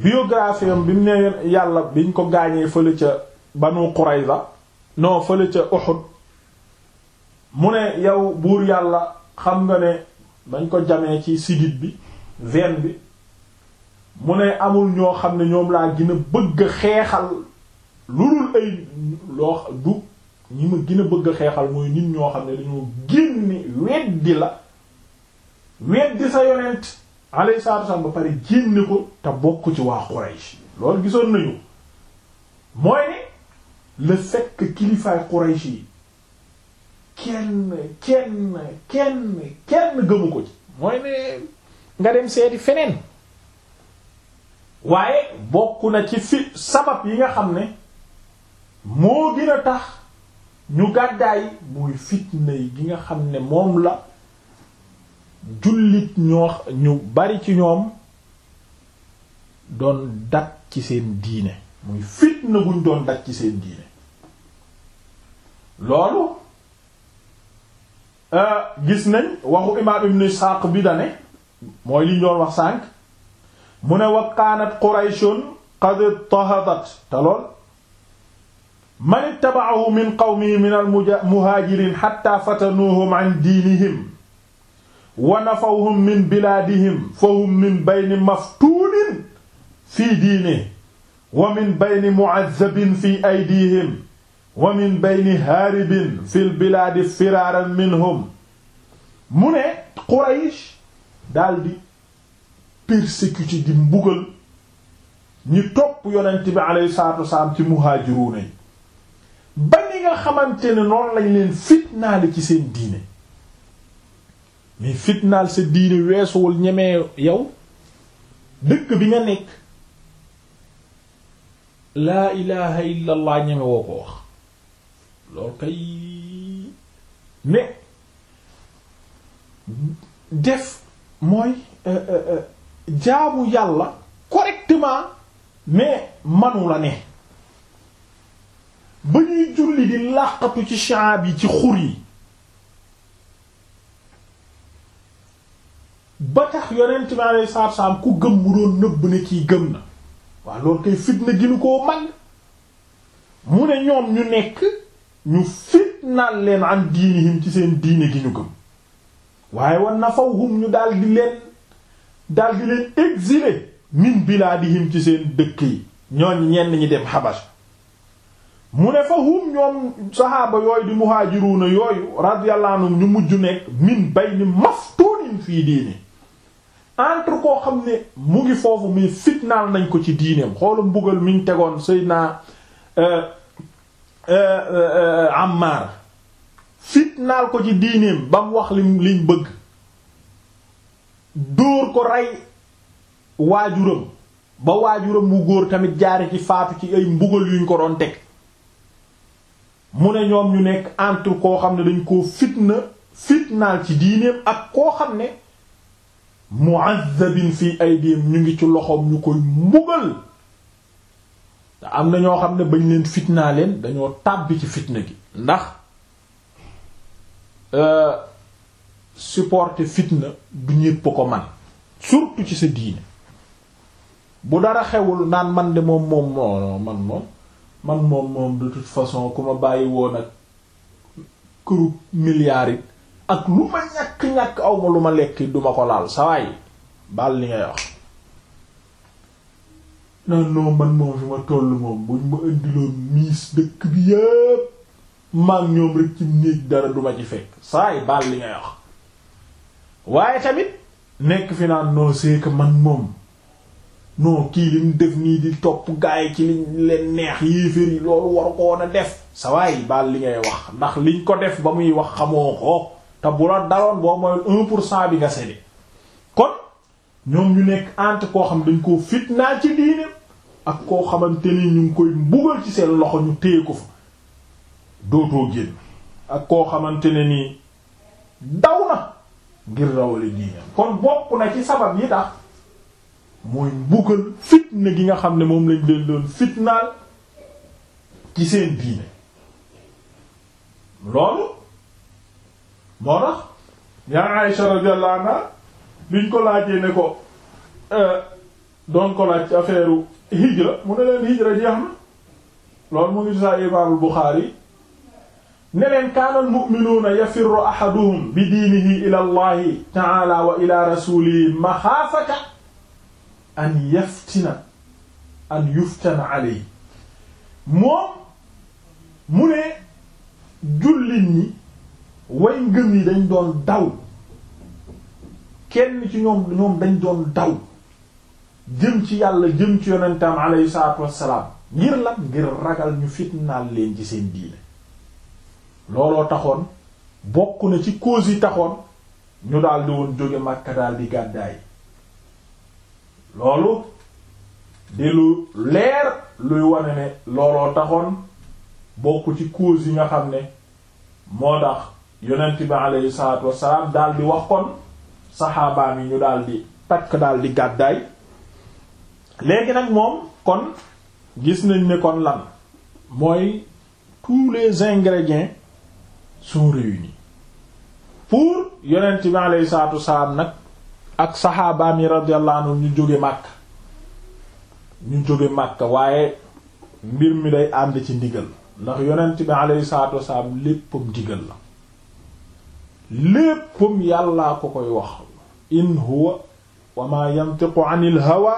biographie bi mu ne yàlla biñ ko gaañee fële ca Banu Qurayza non fële ca Uhud yow buur yàlla xam nga ne bañ ko jamee ci sigit bi veine bi mu ne amul ñoo xam ne ñoom laa gën bëgg xeexal lulul ay loo du ñi ma gën a bëgg xeexal mooy nit ñoo xam ne lañu génne weddi la weddi sa yonent alayhi salaatu wasallam ba pare génne ko te bokk ci waa Quraysh loolu gisoon nañu mooy ne le fait que kilifaay Quraysh yi kenn kenn kenn kenn gëmu ko ci mooy ne nga dem seeti feneen waaye bokk na ci fi sabab yi nga xam ne moo gën a tax ñu gàddaay muy fitna yi gi nga xam ne moom la jullit ñoo ñu bari ci ñoom doon daj ci seen diine muy fitna guñ doon daj ci seen diine loolu euh, gis nañ waxu imaam ibn Isaaq bi dane mooy li doon wax sànq mu ne wa kaanat Qurayshun qad tahadat te lool man ittaba'ahu min qawmihi min al-muhaajiriin hattaa fatanuuhum an diinihim wa nafawhum min bilaadihim fahum min bayni maftuunin fii diinihi wa min bayni mu'azzabin fii aydiihim wa min bayni haaribin fil bilaadi firaaran minhum mu ne Quraysh daldi persécuté di mbugal ñi topp yonent bi alayhi salaatu wa salaam ci muhaajiruun ba ni nga xamante ne noonu lañ leen fitnaale ci seen diine mais fitnaal sa diine weesuwul ñemee yow dëkk bi nga nekk laa ilaha illa ñeme woo ko wax loolu kay ne def mooy euh, euh, euh, jaamu yàlla correctement mais manu la ne ba ñuy julli di làqatu ci shaab yi ci xur yi ba tax yonent bi alayhi salaatu salaam ku gëm mu doon nëbb ne kii gëm na waaw loolu kay fitna ginu koo man mu ne ñoom ñu nekk ñu fitnaal leen an diinihim ci seen diine gi ñu gëm waaye war na fawhum ñu daal di leen daal di leen exiler min bilaadihim ci seen dëkk yi ñooñ ñenn ñi dem Habasha mu ne fa hum ñoom saxaaba yooyu di muhaajiruuna yooyu radiyallahu ñu mujj nekk min bayni maftunin fii diini entre koo xam ne mu ngi foofu muy fitnaal nañ ko ci diineem xoolu mbugal miñ tegoon Seydina euh, euh, euh, Ammar fitnaal ko ci diineem ba mu wax lim liñ bëgg dóor ko rey waajuram ba waajuram mu góor tamit jaare ci faatu ci ay mbugal yuñ ko doon teg mu ne ñoom ñu nekk entre koo xam ne dañ koo fitna fitnaal ci diineem ak koo xam ne mu'azzabin fii aydihim ñu ngi ci loxoom ñu koy mbugal te am na ñoo xam ne bañ leen fitnaa leen dañoo tàbbi ci fitna gi ndax euh, supporter fitna du ñépp ko man surtout ci sa diine bu dara xewul naan man de moom moom man moom man moom moom de toute façon ku ma bàyyi woon ak këru milliards it ak lu ma ñàkk-ñàkk aw lu ma lekk du ma ko laal sawaay baal li ngay wax non non man moom fi ma toll moom buñ ma indiloon miis dëkk bi yépp maag ñoom rek ci néeg dara duma ci fekk saay baal li ngay wax waaye tamit nekk fi naan non c'est man moom non kii li mu def nii di topp gaay ci liñ leen neex yéeféer yi loolu waru ko woon a def sawaay baal li ngay wax ndax liñ ko def ba muy wax xamoo ko te bu la daroon boo mooy un pour cent bi nga kon ñoom ñu nekk entre koo xam dañ koo fitnaa ci diine koo xamante ni ñu ngi seen loxo ñu téye ko fa dootoo génn ak koo xamante ne nii daw na ngir rawale diine kon bokk na ci sabab yi tax mooy mbugal fitna gi nga xam ne moom lañ leen doon fitnaal ci seen diine loolu moo yaa Aïsha radiyallahu anha biñ ko laajee ne ko euh, doon ko laaj ci affaire hijra mu ne leen hijra jeex loolu mu ngi sa Imaamul Buxaari ne leen kaana almu'minuuna yafirru ahaduhum bi diinihi ila ta'ala wa ila rasulihi maxaafata an yaftina an yuftana alay moom mu ne jullit ñi way ngëm yi dañ doon daw kenn ci ñoom dañ doon daw jëm ci yàlla jëm ci yonentam alayhi salaatu wassalaam ngir lan ngir ragal ñu fitnaal leen ci seen diine looloo taxoon bokk na ci cause yi taxoon ñu daldi woon jóge Makka daldi gàddaay loolu di lu leer luy wane ne looloo taxoon bokku ci cause yi nga xam ne moo tax yonent bi aleyhi salaatu wassalaam daal di wax kon saxaabaam yi ñu daal di takk daal di gàddaay léegi nag moom kon gis nañ ne kon lan mooy tous les ingrédients sont réunis pour yonent bi aleyhi salaatu wassalaam nag ak saxaabaam yi radiyallahu anhu ñu jóge Makka ñu jóge Makka waaye mbir mi day ànd ci ndigal ndax yonent bi alayhi salaatu wasalaam léppam ndigal la léppam yàllaa ko koy wax in huwa wa ma yantiqu anil hawa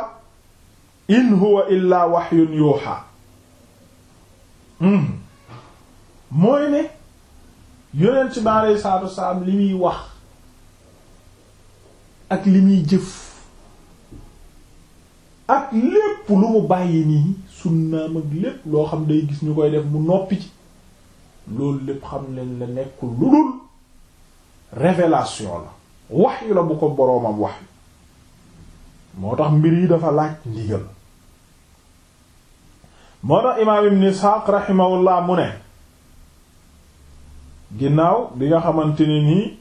in huwa illa wahyun yuha hmm. mooy ne yonent bi alayhi salaatu wasalaam li muy wax ak li muy jëf ak lépp lu mu bàyyi nii sunnaam ak lépp loo xam day gis ñu koy def mu noppi ci loolu lépp xam leen la nekkul lu dul révélation la waxyu la bu ko boroomam wax moo tax mbir yi dafa laaj ndigal moo tax imaam ibn Isxaaq rahimahullah mu ne ginnaaw bi nga xamante ne nii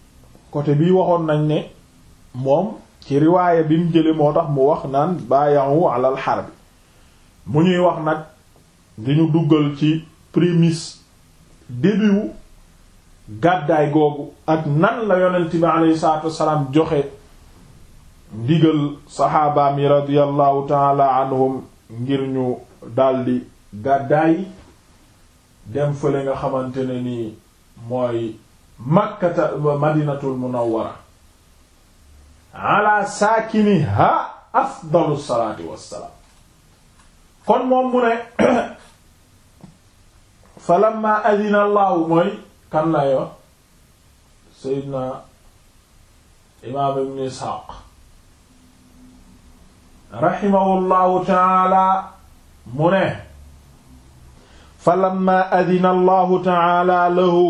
côté bii waxoon nañ ne moom ci riwaaya bi mu jële moo tax mu wax naan baayahu alal harbi mu ñuy wax nag di ñu duggal ci prémisse début gàddaay googu ak nan la yonent bi aleyhi salaatu joxe ndigal saxaabaam yi radiyallahu taala anhum ngir ñu daldi gàddaay dem fële nga xamante ne ni mooy makkata madinatul munawwara ala saakiniha afdalu salaatu wassalaam kon moom mu ne fa lamma adina allahu mooy kan lay wax seydna imaam ibn isxaaq raximahullahu taala mu ne fa lamma adina allahu taala lahu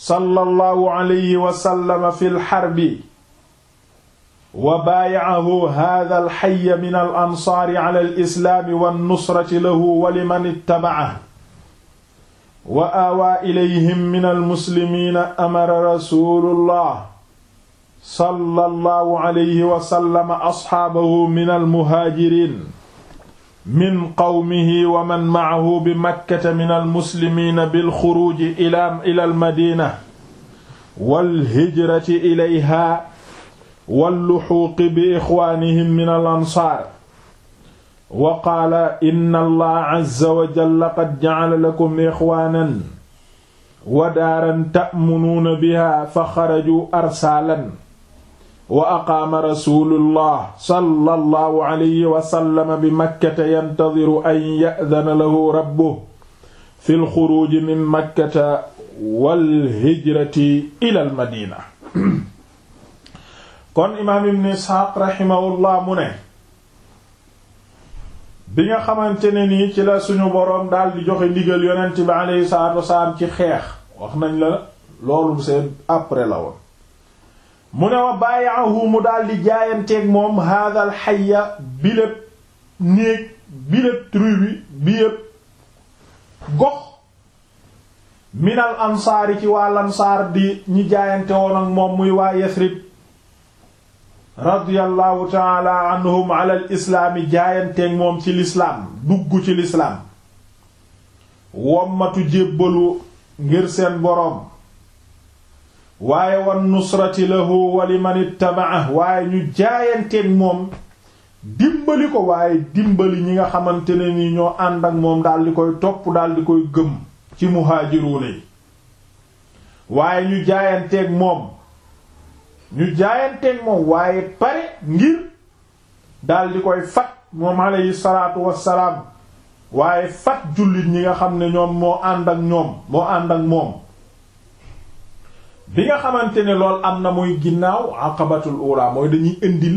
sallallahu alayhi wa sallam fi lxarbi wa baayacahu hada alxaya min alansaari ala alislaami wannusrati lahu wa liman ittabacahu wa aawaa ilayhim min almuslimiina amara rasulullah sallallahu alayhi wa sallam asxaabahu min almuhaajiriin min qawmihi wa man ma'ahu bi makkata min almuslimiina bilxuruuji ila ila almadina walhijrati ilayha walluxuuqi bi ixwaanihim min alansaar wa qaala inna allaha azza wa jalla qad ja'ala lakum ixwaanan wa daaran ta'munuuna biha fa xaraju arsaalan wa aqaama rasulullah sallallahu bi makkata yantadiru an ya'dana lahu rabbuhu fi lxuruuji min makkata walhijrati ila al madina kon imaam ibn isxaaq raximahullah mu ne bi nga xamante ne nii ci la sunu boroom daal di joxe ndigal yonent bi aleyhi salaatu wasalaam ci xeex wax nañ la loolu seen après la mu ne wa bàyyaahu mu daldi di moom haadal xayya bileb néeg bileb tribu bileb gox minal ansaari ci waa lansaar di ñi jaayante woon ak moom muy waa yasrib radiyallahu taala anhum ala islaami jaayanteeg moom ci lislaam dugg ci lislaam wommatu jébbalu ngir seen boroom waaye wan nusrati lahu wa liman ittaba'ahu waaye ñu jaayanteen moom dimbali ko waaye dimbali ñi nga xamante ne ni ñoo ànd ak moom daal di koy topp daal di koy gëm ci muhaajiruuna yi waaye ñu jaayanteeg moom ñu jaayanteeg moom waaye pare ngir daal koy fat moom alayhi salaatu wassalaam waaye fat jullit ñi nga xam ne ñoom moo ànd ak ñoom moo ànd ak moom bi nga xamante ne lool am na muy ginnaaw aqabatul ula mooy dañuy indil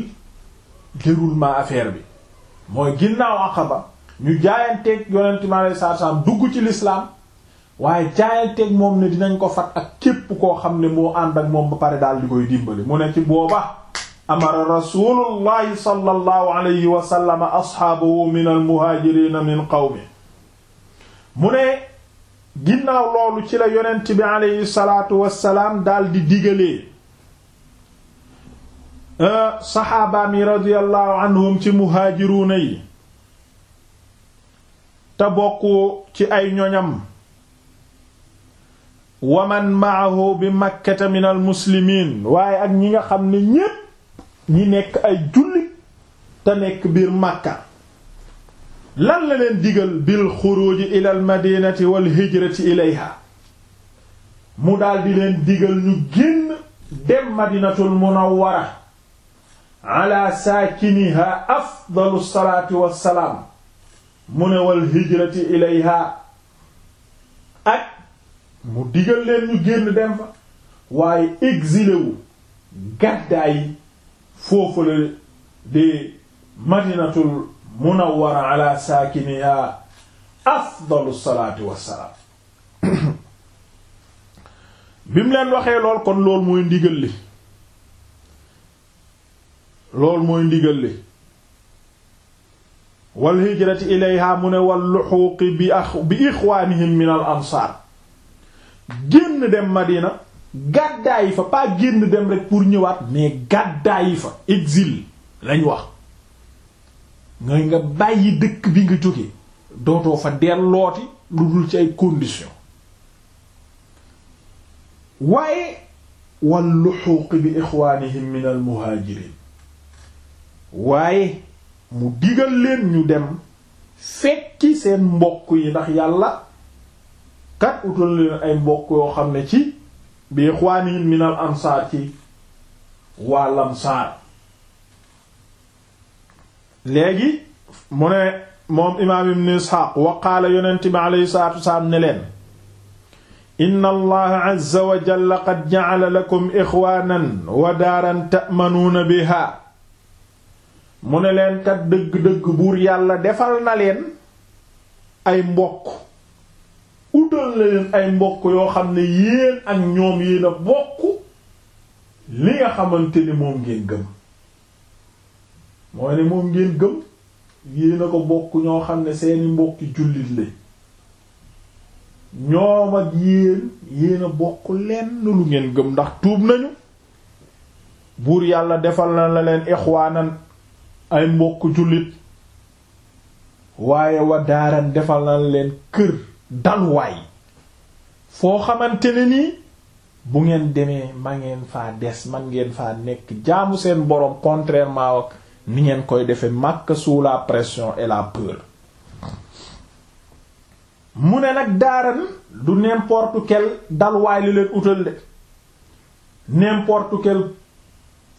déroulement affaire bi mooy ginnaaw aqaba ñu jaayanteeg yonent mi alayhi salaatu salaam dugg ci lislaam waaye jaayanteeg moom ne dinañ ko fat ak képp koo xam ne moo ànd ak moom ba pare daal di koy dimbali mu ne ci booba amara rasulullahi sallallahu alayhi wa sallam ashaabahu min al muhaajiriina mu ne ginnaaw loolu ci la yonent bi aleyhi salaatu wassalaam daldi digalee euh, saxaabaam yi ci muhaajiruuna yi te bokk ci ay ñoñam waman maahu bi makkata min al waaye ak ñi nga xam ni ñépp ñi nekk ay jullit te nekk biir Makka lan la leen digal bil xuruuji ila al wal hijrati ilayha mu daldi leen digal ñu génn dem madinatul munawwara ala saakiniha afdalu salaati wassalaam mu ne wal hijrati ilayha ak mu digal leen ñu génn dem fa waaye exilé wu foofu la de madinatul munawwara ala saakiniha afdalu salaatu wassalaam bi mu leen waxee lool kon loolu mooy ndigal li loolu mooy ndigal li wal hijrati ilayha mu ne wal luxuuqi bi ax bi ixwaanihim min al ansaar génn dem Madina gàddaayi fa pas génn dem rek pour ñëwaat mais gàddaayi fa exil lañ wax ngay nga bàyyi dëkk bi nga jóge dootoo fa dellooti lu dul ci ay condition waaye wal luxuuqi bi ixwaanihim min al muhaajiriin waaye mu digal leen ñu dem fekki seen mbokk yi ndax yàlla kat utal ay mbokk yoo xam ne ci bi ixwaanihim min al ansaar ci waa lamsaar léegi mu ne moom imaam ibn isxaaq wa qaala yonent bi aleyhi salaatu wasalaam ne leen inna allaha azza wa jalla qad ja'ala lakum ixwaanan wa daaran ta'manuuna biha mu ne leen kat dëgg-dëgg buur yàlla defal na leen ay mbokk utal na leen ay mbokk yoo xam ne yéen ak ñoom yéen a bokk li nga xamante ni moom ngeen gëm mooy ne moom ngeen gëm yéen na ko bokk ñoo xam ne seeni mbokki jullit la ñoo ak yéen yéen a bokk lenn lu ngeen gëm ndax tuub nañu buur yàlla defal na la leen ixwaanan ay mbokk jullit waaye wa daaran defal na leen kër dalwaay foo xamante ni bu ngeen demee ma ngeen faa des man ngeen faa nekk jaamu seen borom contrairement ak ni ngeen koy defe màkk sous la pression et la peur mu ne nag daaran du n'importe quel dalwaay li leen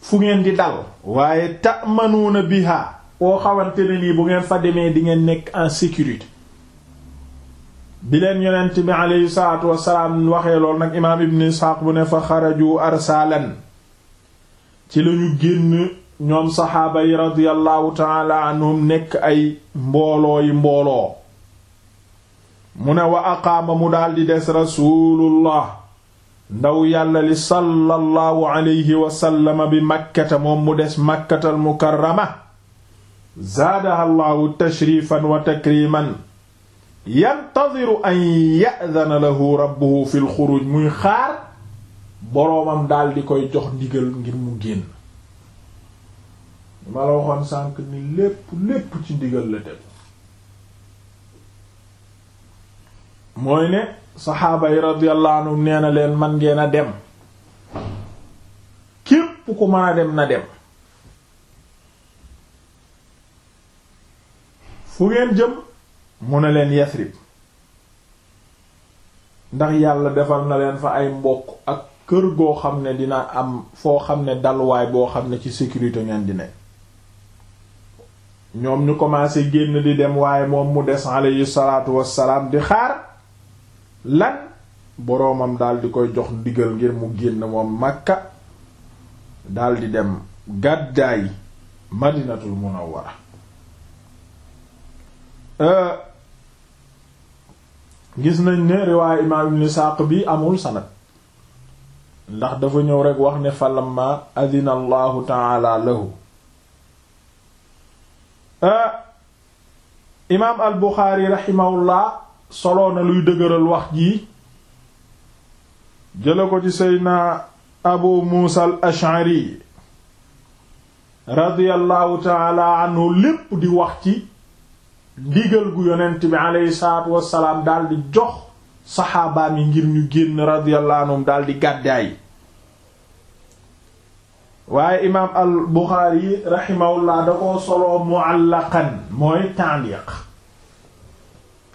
fu ngeen di dal waaye ta ta'manuuna biha boo xamante ne nii bu ngeen fa demee di ngeen nekk en sécurité bi leen yonent bi aleyhi salaatu wasalaam waxee lool nag imaam ibn isxaaq bu ne fa xaraju arsalan ci lañu génn ñoom saxaaba yi taala anhum nekk ay mbooloo mbooloo mu ne wa aqaama mu daldi des rasuulullah ndaw yàlla li sallallahu alayhi bi makkata moom mu des makkatal mukarrama zaadaha llahu tashrifan wa takriman yantadiru an ya'dana lahu rabbuhu fi lxuruj muy xaar boroomam daldi koy jox ndigal ngir mu génn ma la waxoon sànq ni lépp lépp ci ndigal la tegu mooy ne saxaaba yi radiyallahu anhum nee na leen man ngeen a dem képp ku mën a dem na dem fu ngeen jëm mu ne leen Yasrib ndax yàlla defal na leen fa ay mbokk ak kër goo xam ne dina am foo xam ne dalwaay boo xam ne ci sécurité ngeen di nekk ñoom ñu commencé génn di dem waaye moom mu des alayhi salaatu wassalaam di xaar lan boroomam daal di koy jox ndigal ngir mu génn moom Makka daal di dem gàddaay Madinatul Munawwara euh, gis nañ ne riwaaye imaam ibn Isaaq bi amul sanad ndax dafa ñëw rekk wax ne falamma adina allahu taala lahu Euh, imaam al buxaari raximahullah soloo na luy dëgëral wax jii jëla ko ci seydna abu muusa al ashari radiyallahu taala lépp di wax ci ndigal gu yonent bi aleyhi salaatu wassalaam daldi jox saxaabaam yi ngir ñu génn radiyallahu anhum daldi gàddaay waaye imaam al Buxaari rahimahullah da koo soloo muallaqan mooy taaliq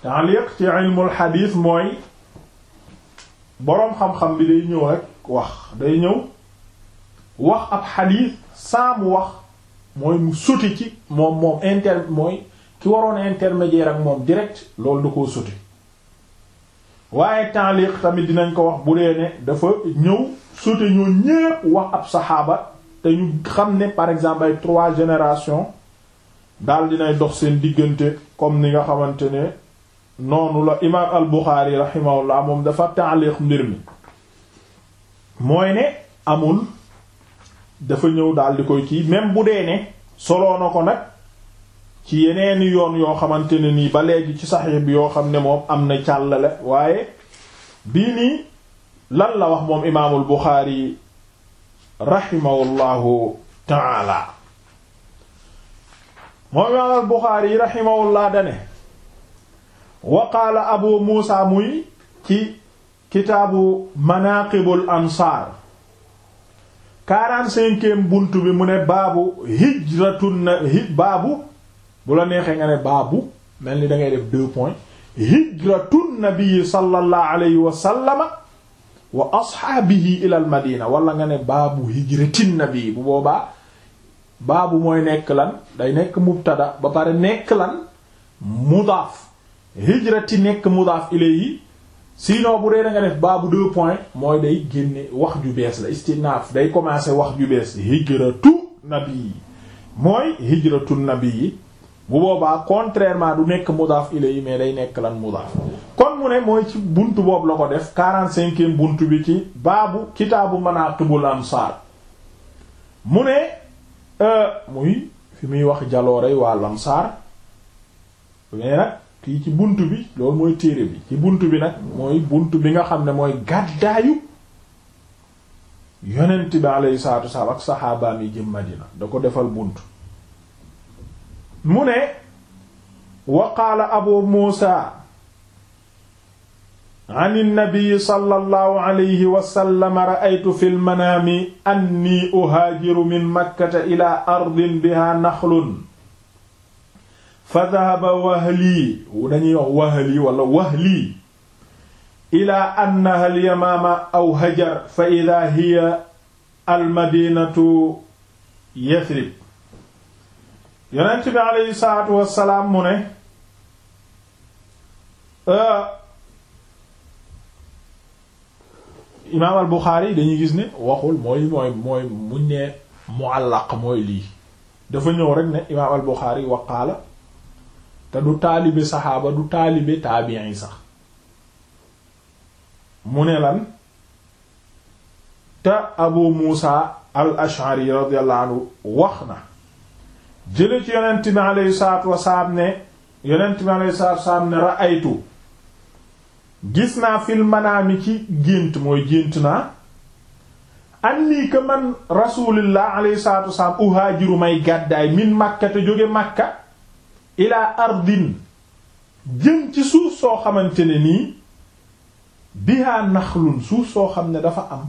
taaliq ci ilmul xadiis mooy boroom xam-xam bi day ñëw rek wax day ñëw wax ab xadiis saa mu wax mooy suti ci moom moom inter mooy ki waroon intermédiaire ak moom direct loolu du koo suti waaye taaliq tamit dinañ ko wax bu dee ne dafa ñëw sute ñu ñépp wax ab saxaaba te ñu xam ne par exemple ay trois générations daal dinay dox seen diggante comme ni nga xamante ne noonu la imaam al Buxaari rahimahullah moom dafa taaliq mbir mi mooy ne amul dafa ñëw daal di koy kii même bu dee ne soloo na ko nag ci yeneeni yoon yoo xamante ne nii ba léegi ci saxiix bi yoo xam ne moom am na càllale waaye bii nii lan la wax moom imaamul Buxaari rahimahullahu taala moom imaam al Buxaari rahimahullah dane waqaala abu muusa muy ci kitaabu manaqibul ansaar bunt bi mu ne baabu hijratun baabu bu la neexee nga ne baabu mel ni da def deux nabi sallallahu alayhi wa wa asxaabihi ila al madina wala nga ne baabu hijratin nabi bu boobaa baabu mooy nekk lan day nekk mubtada ba pare nekk lan mudaaf hijrati nekk mudaaf yi sinon bu dee da def baabu deux points mooy day génne wax ju bees la istinaaf day commencer wax ju bees hijratu nabi mooy hijratu nabi yi bu boobaa contrairement du nekk mudaaf ilayhi mais day nekk lan mudaaf kon mu ne mooy ci bunt boobu la ko def quarante-cinquième bunt bi ci baabu kitaabu manaqibul ansaar mu ne euh, muy fi muy wax jaloorey waa lamsaar mais nag kii ci bunt bi loolu mooy téere bi ci bunt bi nag mooy bunt bi nga xam ne mooy gàddaayu yonent bi alayhi salaatu wasallam ak saxaabaam yi jëm Madina da ko defal bunt mu ne wa qaala abu muusa an ilnabiyi sala allah alayhi wasallam raaytu fi lmanaami anni uhaajiru min makkata ila ardin biha naxlun fa dahaba wahlii dañuy wax wahlii wala wahlii ila annaha alyamaama aw hajar fa ida hiya almadinatu yasrib yonent bi aleyhi salaatu wassalaam mu ne euh, imaam al Buxaari dañuy gis ni waxul mooy mooy mooy muñ ne muallaq mooy lii dafa ñëw rek ne imaam al Buxaari waqaala te du taalibe saxaaba du taalibe taabiin yi sax mu ne lan te Abu Muusa al Ash'ari radiyallahu anhu wax na jële ci yonent bi alayhi salaatu wasalaam ne yonent bi alayhi salaatu wasalaam ne ra'aytu gis naa fil manaami ci gént mooy gént naa anni ka man rasulillah alayhi salaatu wasalaam uhaajiru may gàddaay min makka te jóge makka ilaa ardin jëm ci suuf soo xamante ne nii bihaa naxlun suuf soo xam ne dafa am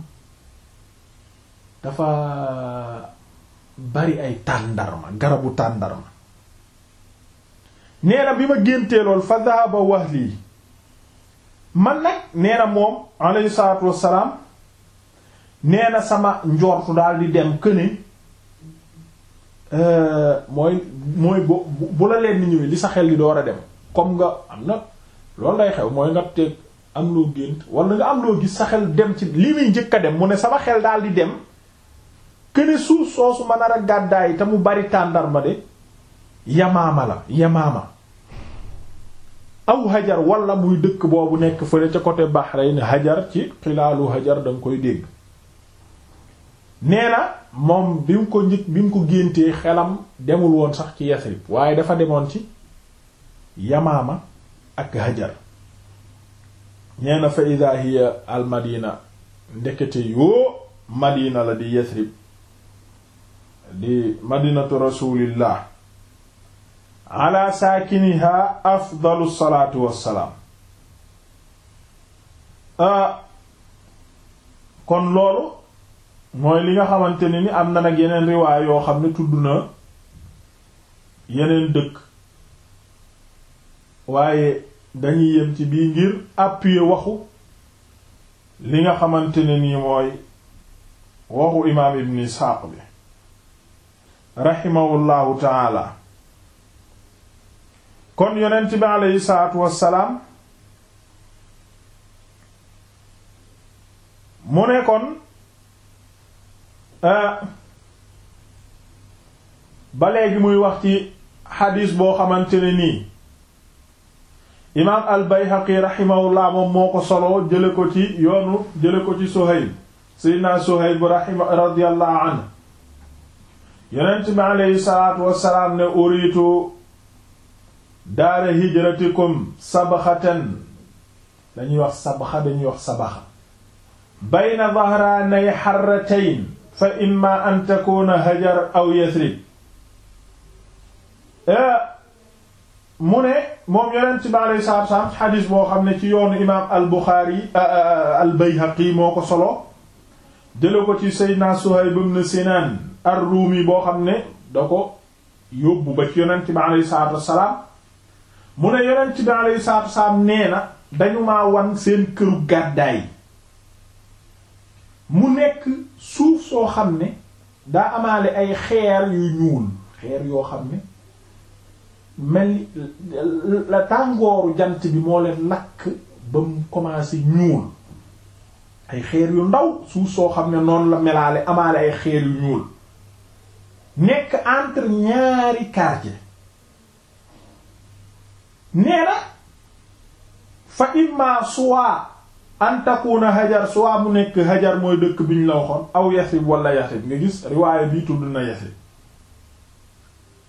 dafa bari ay tàndarma garabu tàndarma nee na bi ma géntee lool fa wax wahli man nag nee na moom alayhi salaatu wassalaam nee na sama njortu daal di dem këne euh, mooy mooy bu bu la leen ñëwee li sa xel li door a dem comme nga am na loolu day xew mooy nga teg am loo gént wala nga am loo gis sa xel dem ci li muy njëkk a dem mu ne sama xel daal di dem këne suuf soosu ma nar a gàddaay te mu bari tàndarma de yamaama la yamaama aw hajar wala muy dëkk boobu nekk fële ca côté Bahrain hajar ci xilaalu hajar danga koy dégg nee na moom bi mu ko njëkk bi mu ko géntee xelam demul woon sax ci Yasrib waaye dafa demoon ci yamaama ak hajar nee na fa ida hiya al madina ndekete yoo madina la di Yasrib di madinatu rasulillah ala saakiniha afdalu salaatu wassalaam kon loolu mooy li nga xamante ne ni am na nag yeneen riwaay yoo xam ne tudd na yeneen dëkk waaye dañuy yem ci bii ngir appuyer waxu li nga xamante ne nii mooy waxu imaam ibn Isxaaq bi raximahullahu taala kon yonent bi aleyhi salaatu wassalaam mu ne kon eh, ba léegi muy wax ci xadiis boo xamante ne nii imaam al bayhaqi raximahullah moom moo ko solo jële ko ci yoonu jële ko ci suhayb sayyidina suhayb raxima radiyallahu anhu yonent bi aleyhi salaatu wassalaam ne uriitu daara hijratikum sabxatan dañuy wax sabxa dañuy wax sabaxa bayna dahraanay xarratayn fa imma an takuna hajar aw yasrib eh, mu ne moom yonent bi aleyhi salaatu wassalaam xadiis boo xam ne ci yoonu imaam al buxaari eh, eh, al bayhaqi moo ko solo jële ko ci seydina suhayb ibn sinan ar-Rumi boo xam ne da ko yóbbu ba ci yonent bi alayhi salaatu wassalaam mu ne yonent bi alayhi salaatu wassalaam nee na dañu ma wan seen këru gàddaay mu nekk suuf soo xam ne daa amaale ay xeer yu ñuul xeer yoo xam ne mel la tàngooru jant bi moo leen lakk ba mu commencé ñuul ay xeer yu ndaw suuf soo xam ne noonu la melaale amaale ay xeer yu ñuul nekk entre ñaari quartier nee na fa imma soit an takuna hajar soit mu nekk hajar mooy dëkk bi la waxoon aw yasrib wala yasrib nga gis riwaaye bii tudd na yasrib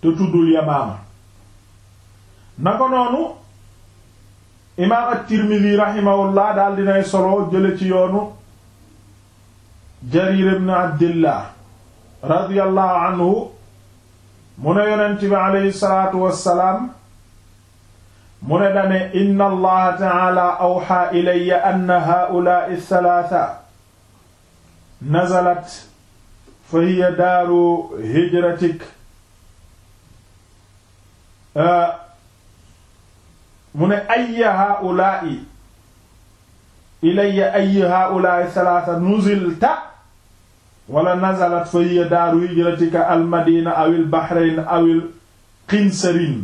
te tuddul yamaama na ko noonu imaam at-Tirmidhi rahimahullah daal dinay solo jële ci yoonu Jarir ibn Abdillah radiyallahu anhu mu ne yonent bi aleyhi salaatu wassalaam mu ne dane inna allaha taala awxaa ilayya anna haa'ulaa'i thalaatha nazalat fa hiya daaru hijratik mu ne ayya haa'ulaa'i ilayya ayya haa'ulaa'i thalaatha nuzilta wala nazalat fa hiya daaru hijratika al madina awil bahrain awil qinsarin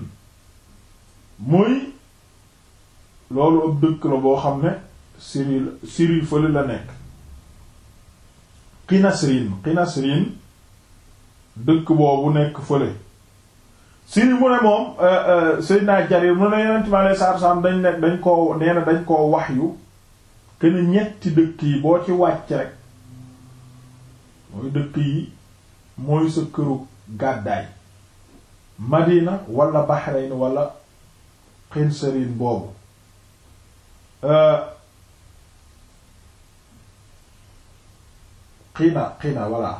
muy loolu ab dëkk la boo xam ne siril siril fële la nekk qinasrin qinasrin dëkk boobu nekk fële siri mu ne moom euh, euh, Seydina Jarir mu ne Yonent bi alayhi salaatu salaam dañ nekk dañ koo nee dañ koo wax yu kenn ñetti dëkk yi boo ci wàcc rek mooy dëkk yi mooy sa këru gàddaay Madina wala Bahrain wala Qinsirin boobu euh, Qina Qina wala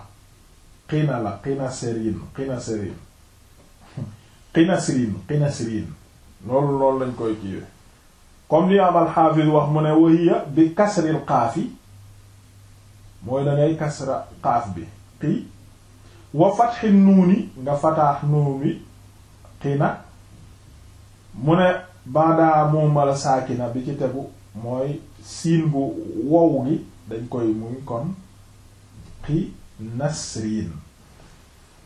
Qina la Qinsirin Qinsirin Qinsirin Qinsirin loolu loolu lañ koy kiiwe comme li am al-Hafiz wax mu ne wa hiya bi kasril qaafi mooy da kasra xaaf bi xii wa fatxi nuuni nga fataax nuun wi xii na mu ne baadaa moomal saakina bi ci tegu mooy siin bu wow gi dañ koy muñ kon xii nasrin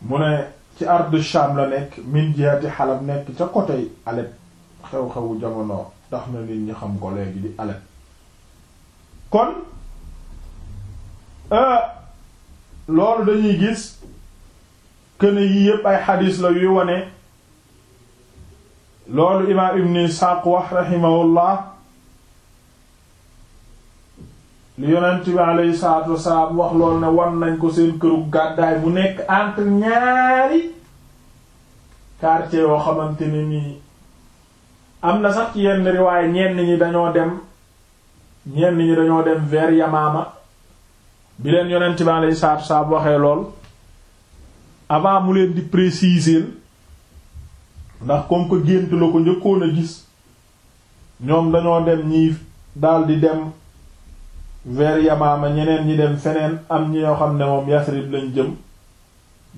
mu ne ci ardu Sham la nekk min jihati Halab nekk ca côté Alep xew-xewu jamono tax na nit ñi xam ko léegi di Alep kon Ah, loolu dañuy gis këne yi yépp ay xadiis la yuy wone loolu imaam ibn isxaaq wax raximahullah li yonent bi alayhi salaatu wasalaam wax loolu ne wan nañ ko seen këru gàddaay bu nekk ant ñaari quartier yoo xamante ne nii am na sax ci yenn riwaay ñenn ñi dañoo dem ñenn ñi dañoo dem vers Yamaama bi leen yonent bi alayhi salaatu wa salaam waxee lool avant mu leen di préciser ndax comme que gént la ko njëkkoon a gis ñoom dañoo dem ñi daldi dem weer Yamaama ñeneen ñi dem feneen am ñi ñoo xam ne moom Yasrib lañ jëm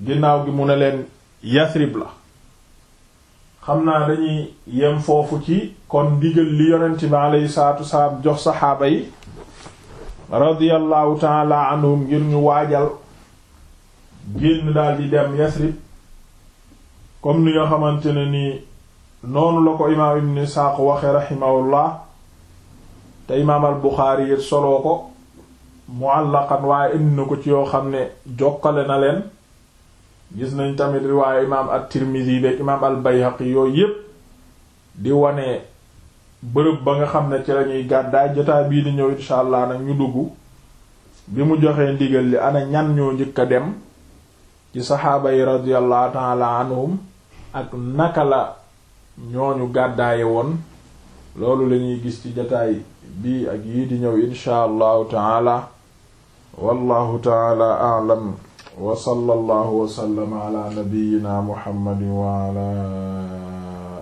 ginnaaw gi mu ne leen Yasrib la xam naa dañuy yem foofu ci kon ndigal li yonent bi alayhi salaatu wa jox saxaaba yi radiyallahu taala anhum ngir ñu waajal génn daal di dem Yasrib comme ni nga nii noonu la ko imaam ibn Isaaq waxe rahimahullah te imaam al Buxaari soloo ko muallaqan waaye indi ko ci yoo xam ne jokkale na leen gis nañ tamit riwaaye imaam at-Tirmidhi beek imaam Bayhaqi yooyu yépp di wane bërëb ba nga xam ne ci lañuy gàddaay jotaay bii di ñëw insha allah nag ñu dugg bi mu joxee ndigal li ana ñan ñoo njëkk a dem ci saxaaba yi radiyallahu ta'ala anhum ak naka la ñooñu gàddaaye woon loolu lañuy gis ci jotaay bii ak yii di ñëw insha allahu ta'ala wallahu ta'ala a'lam wa sallallahu wa sallama ala nabiyyina muhammadin wa ala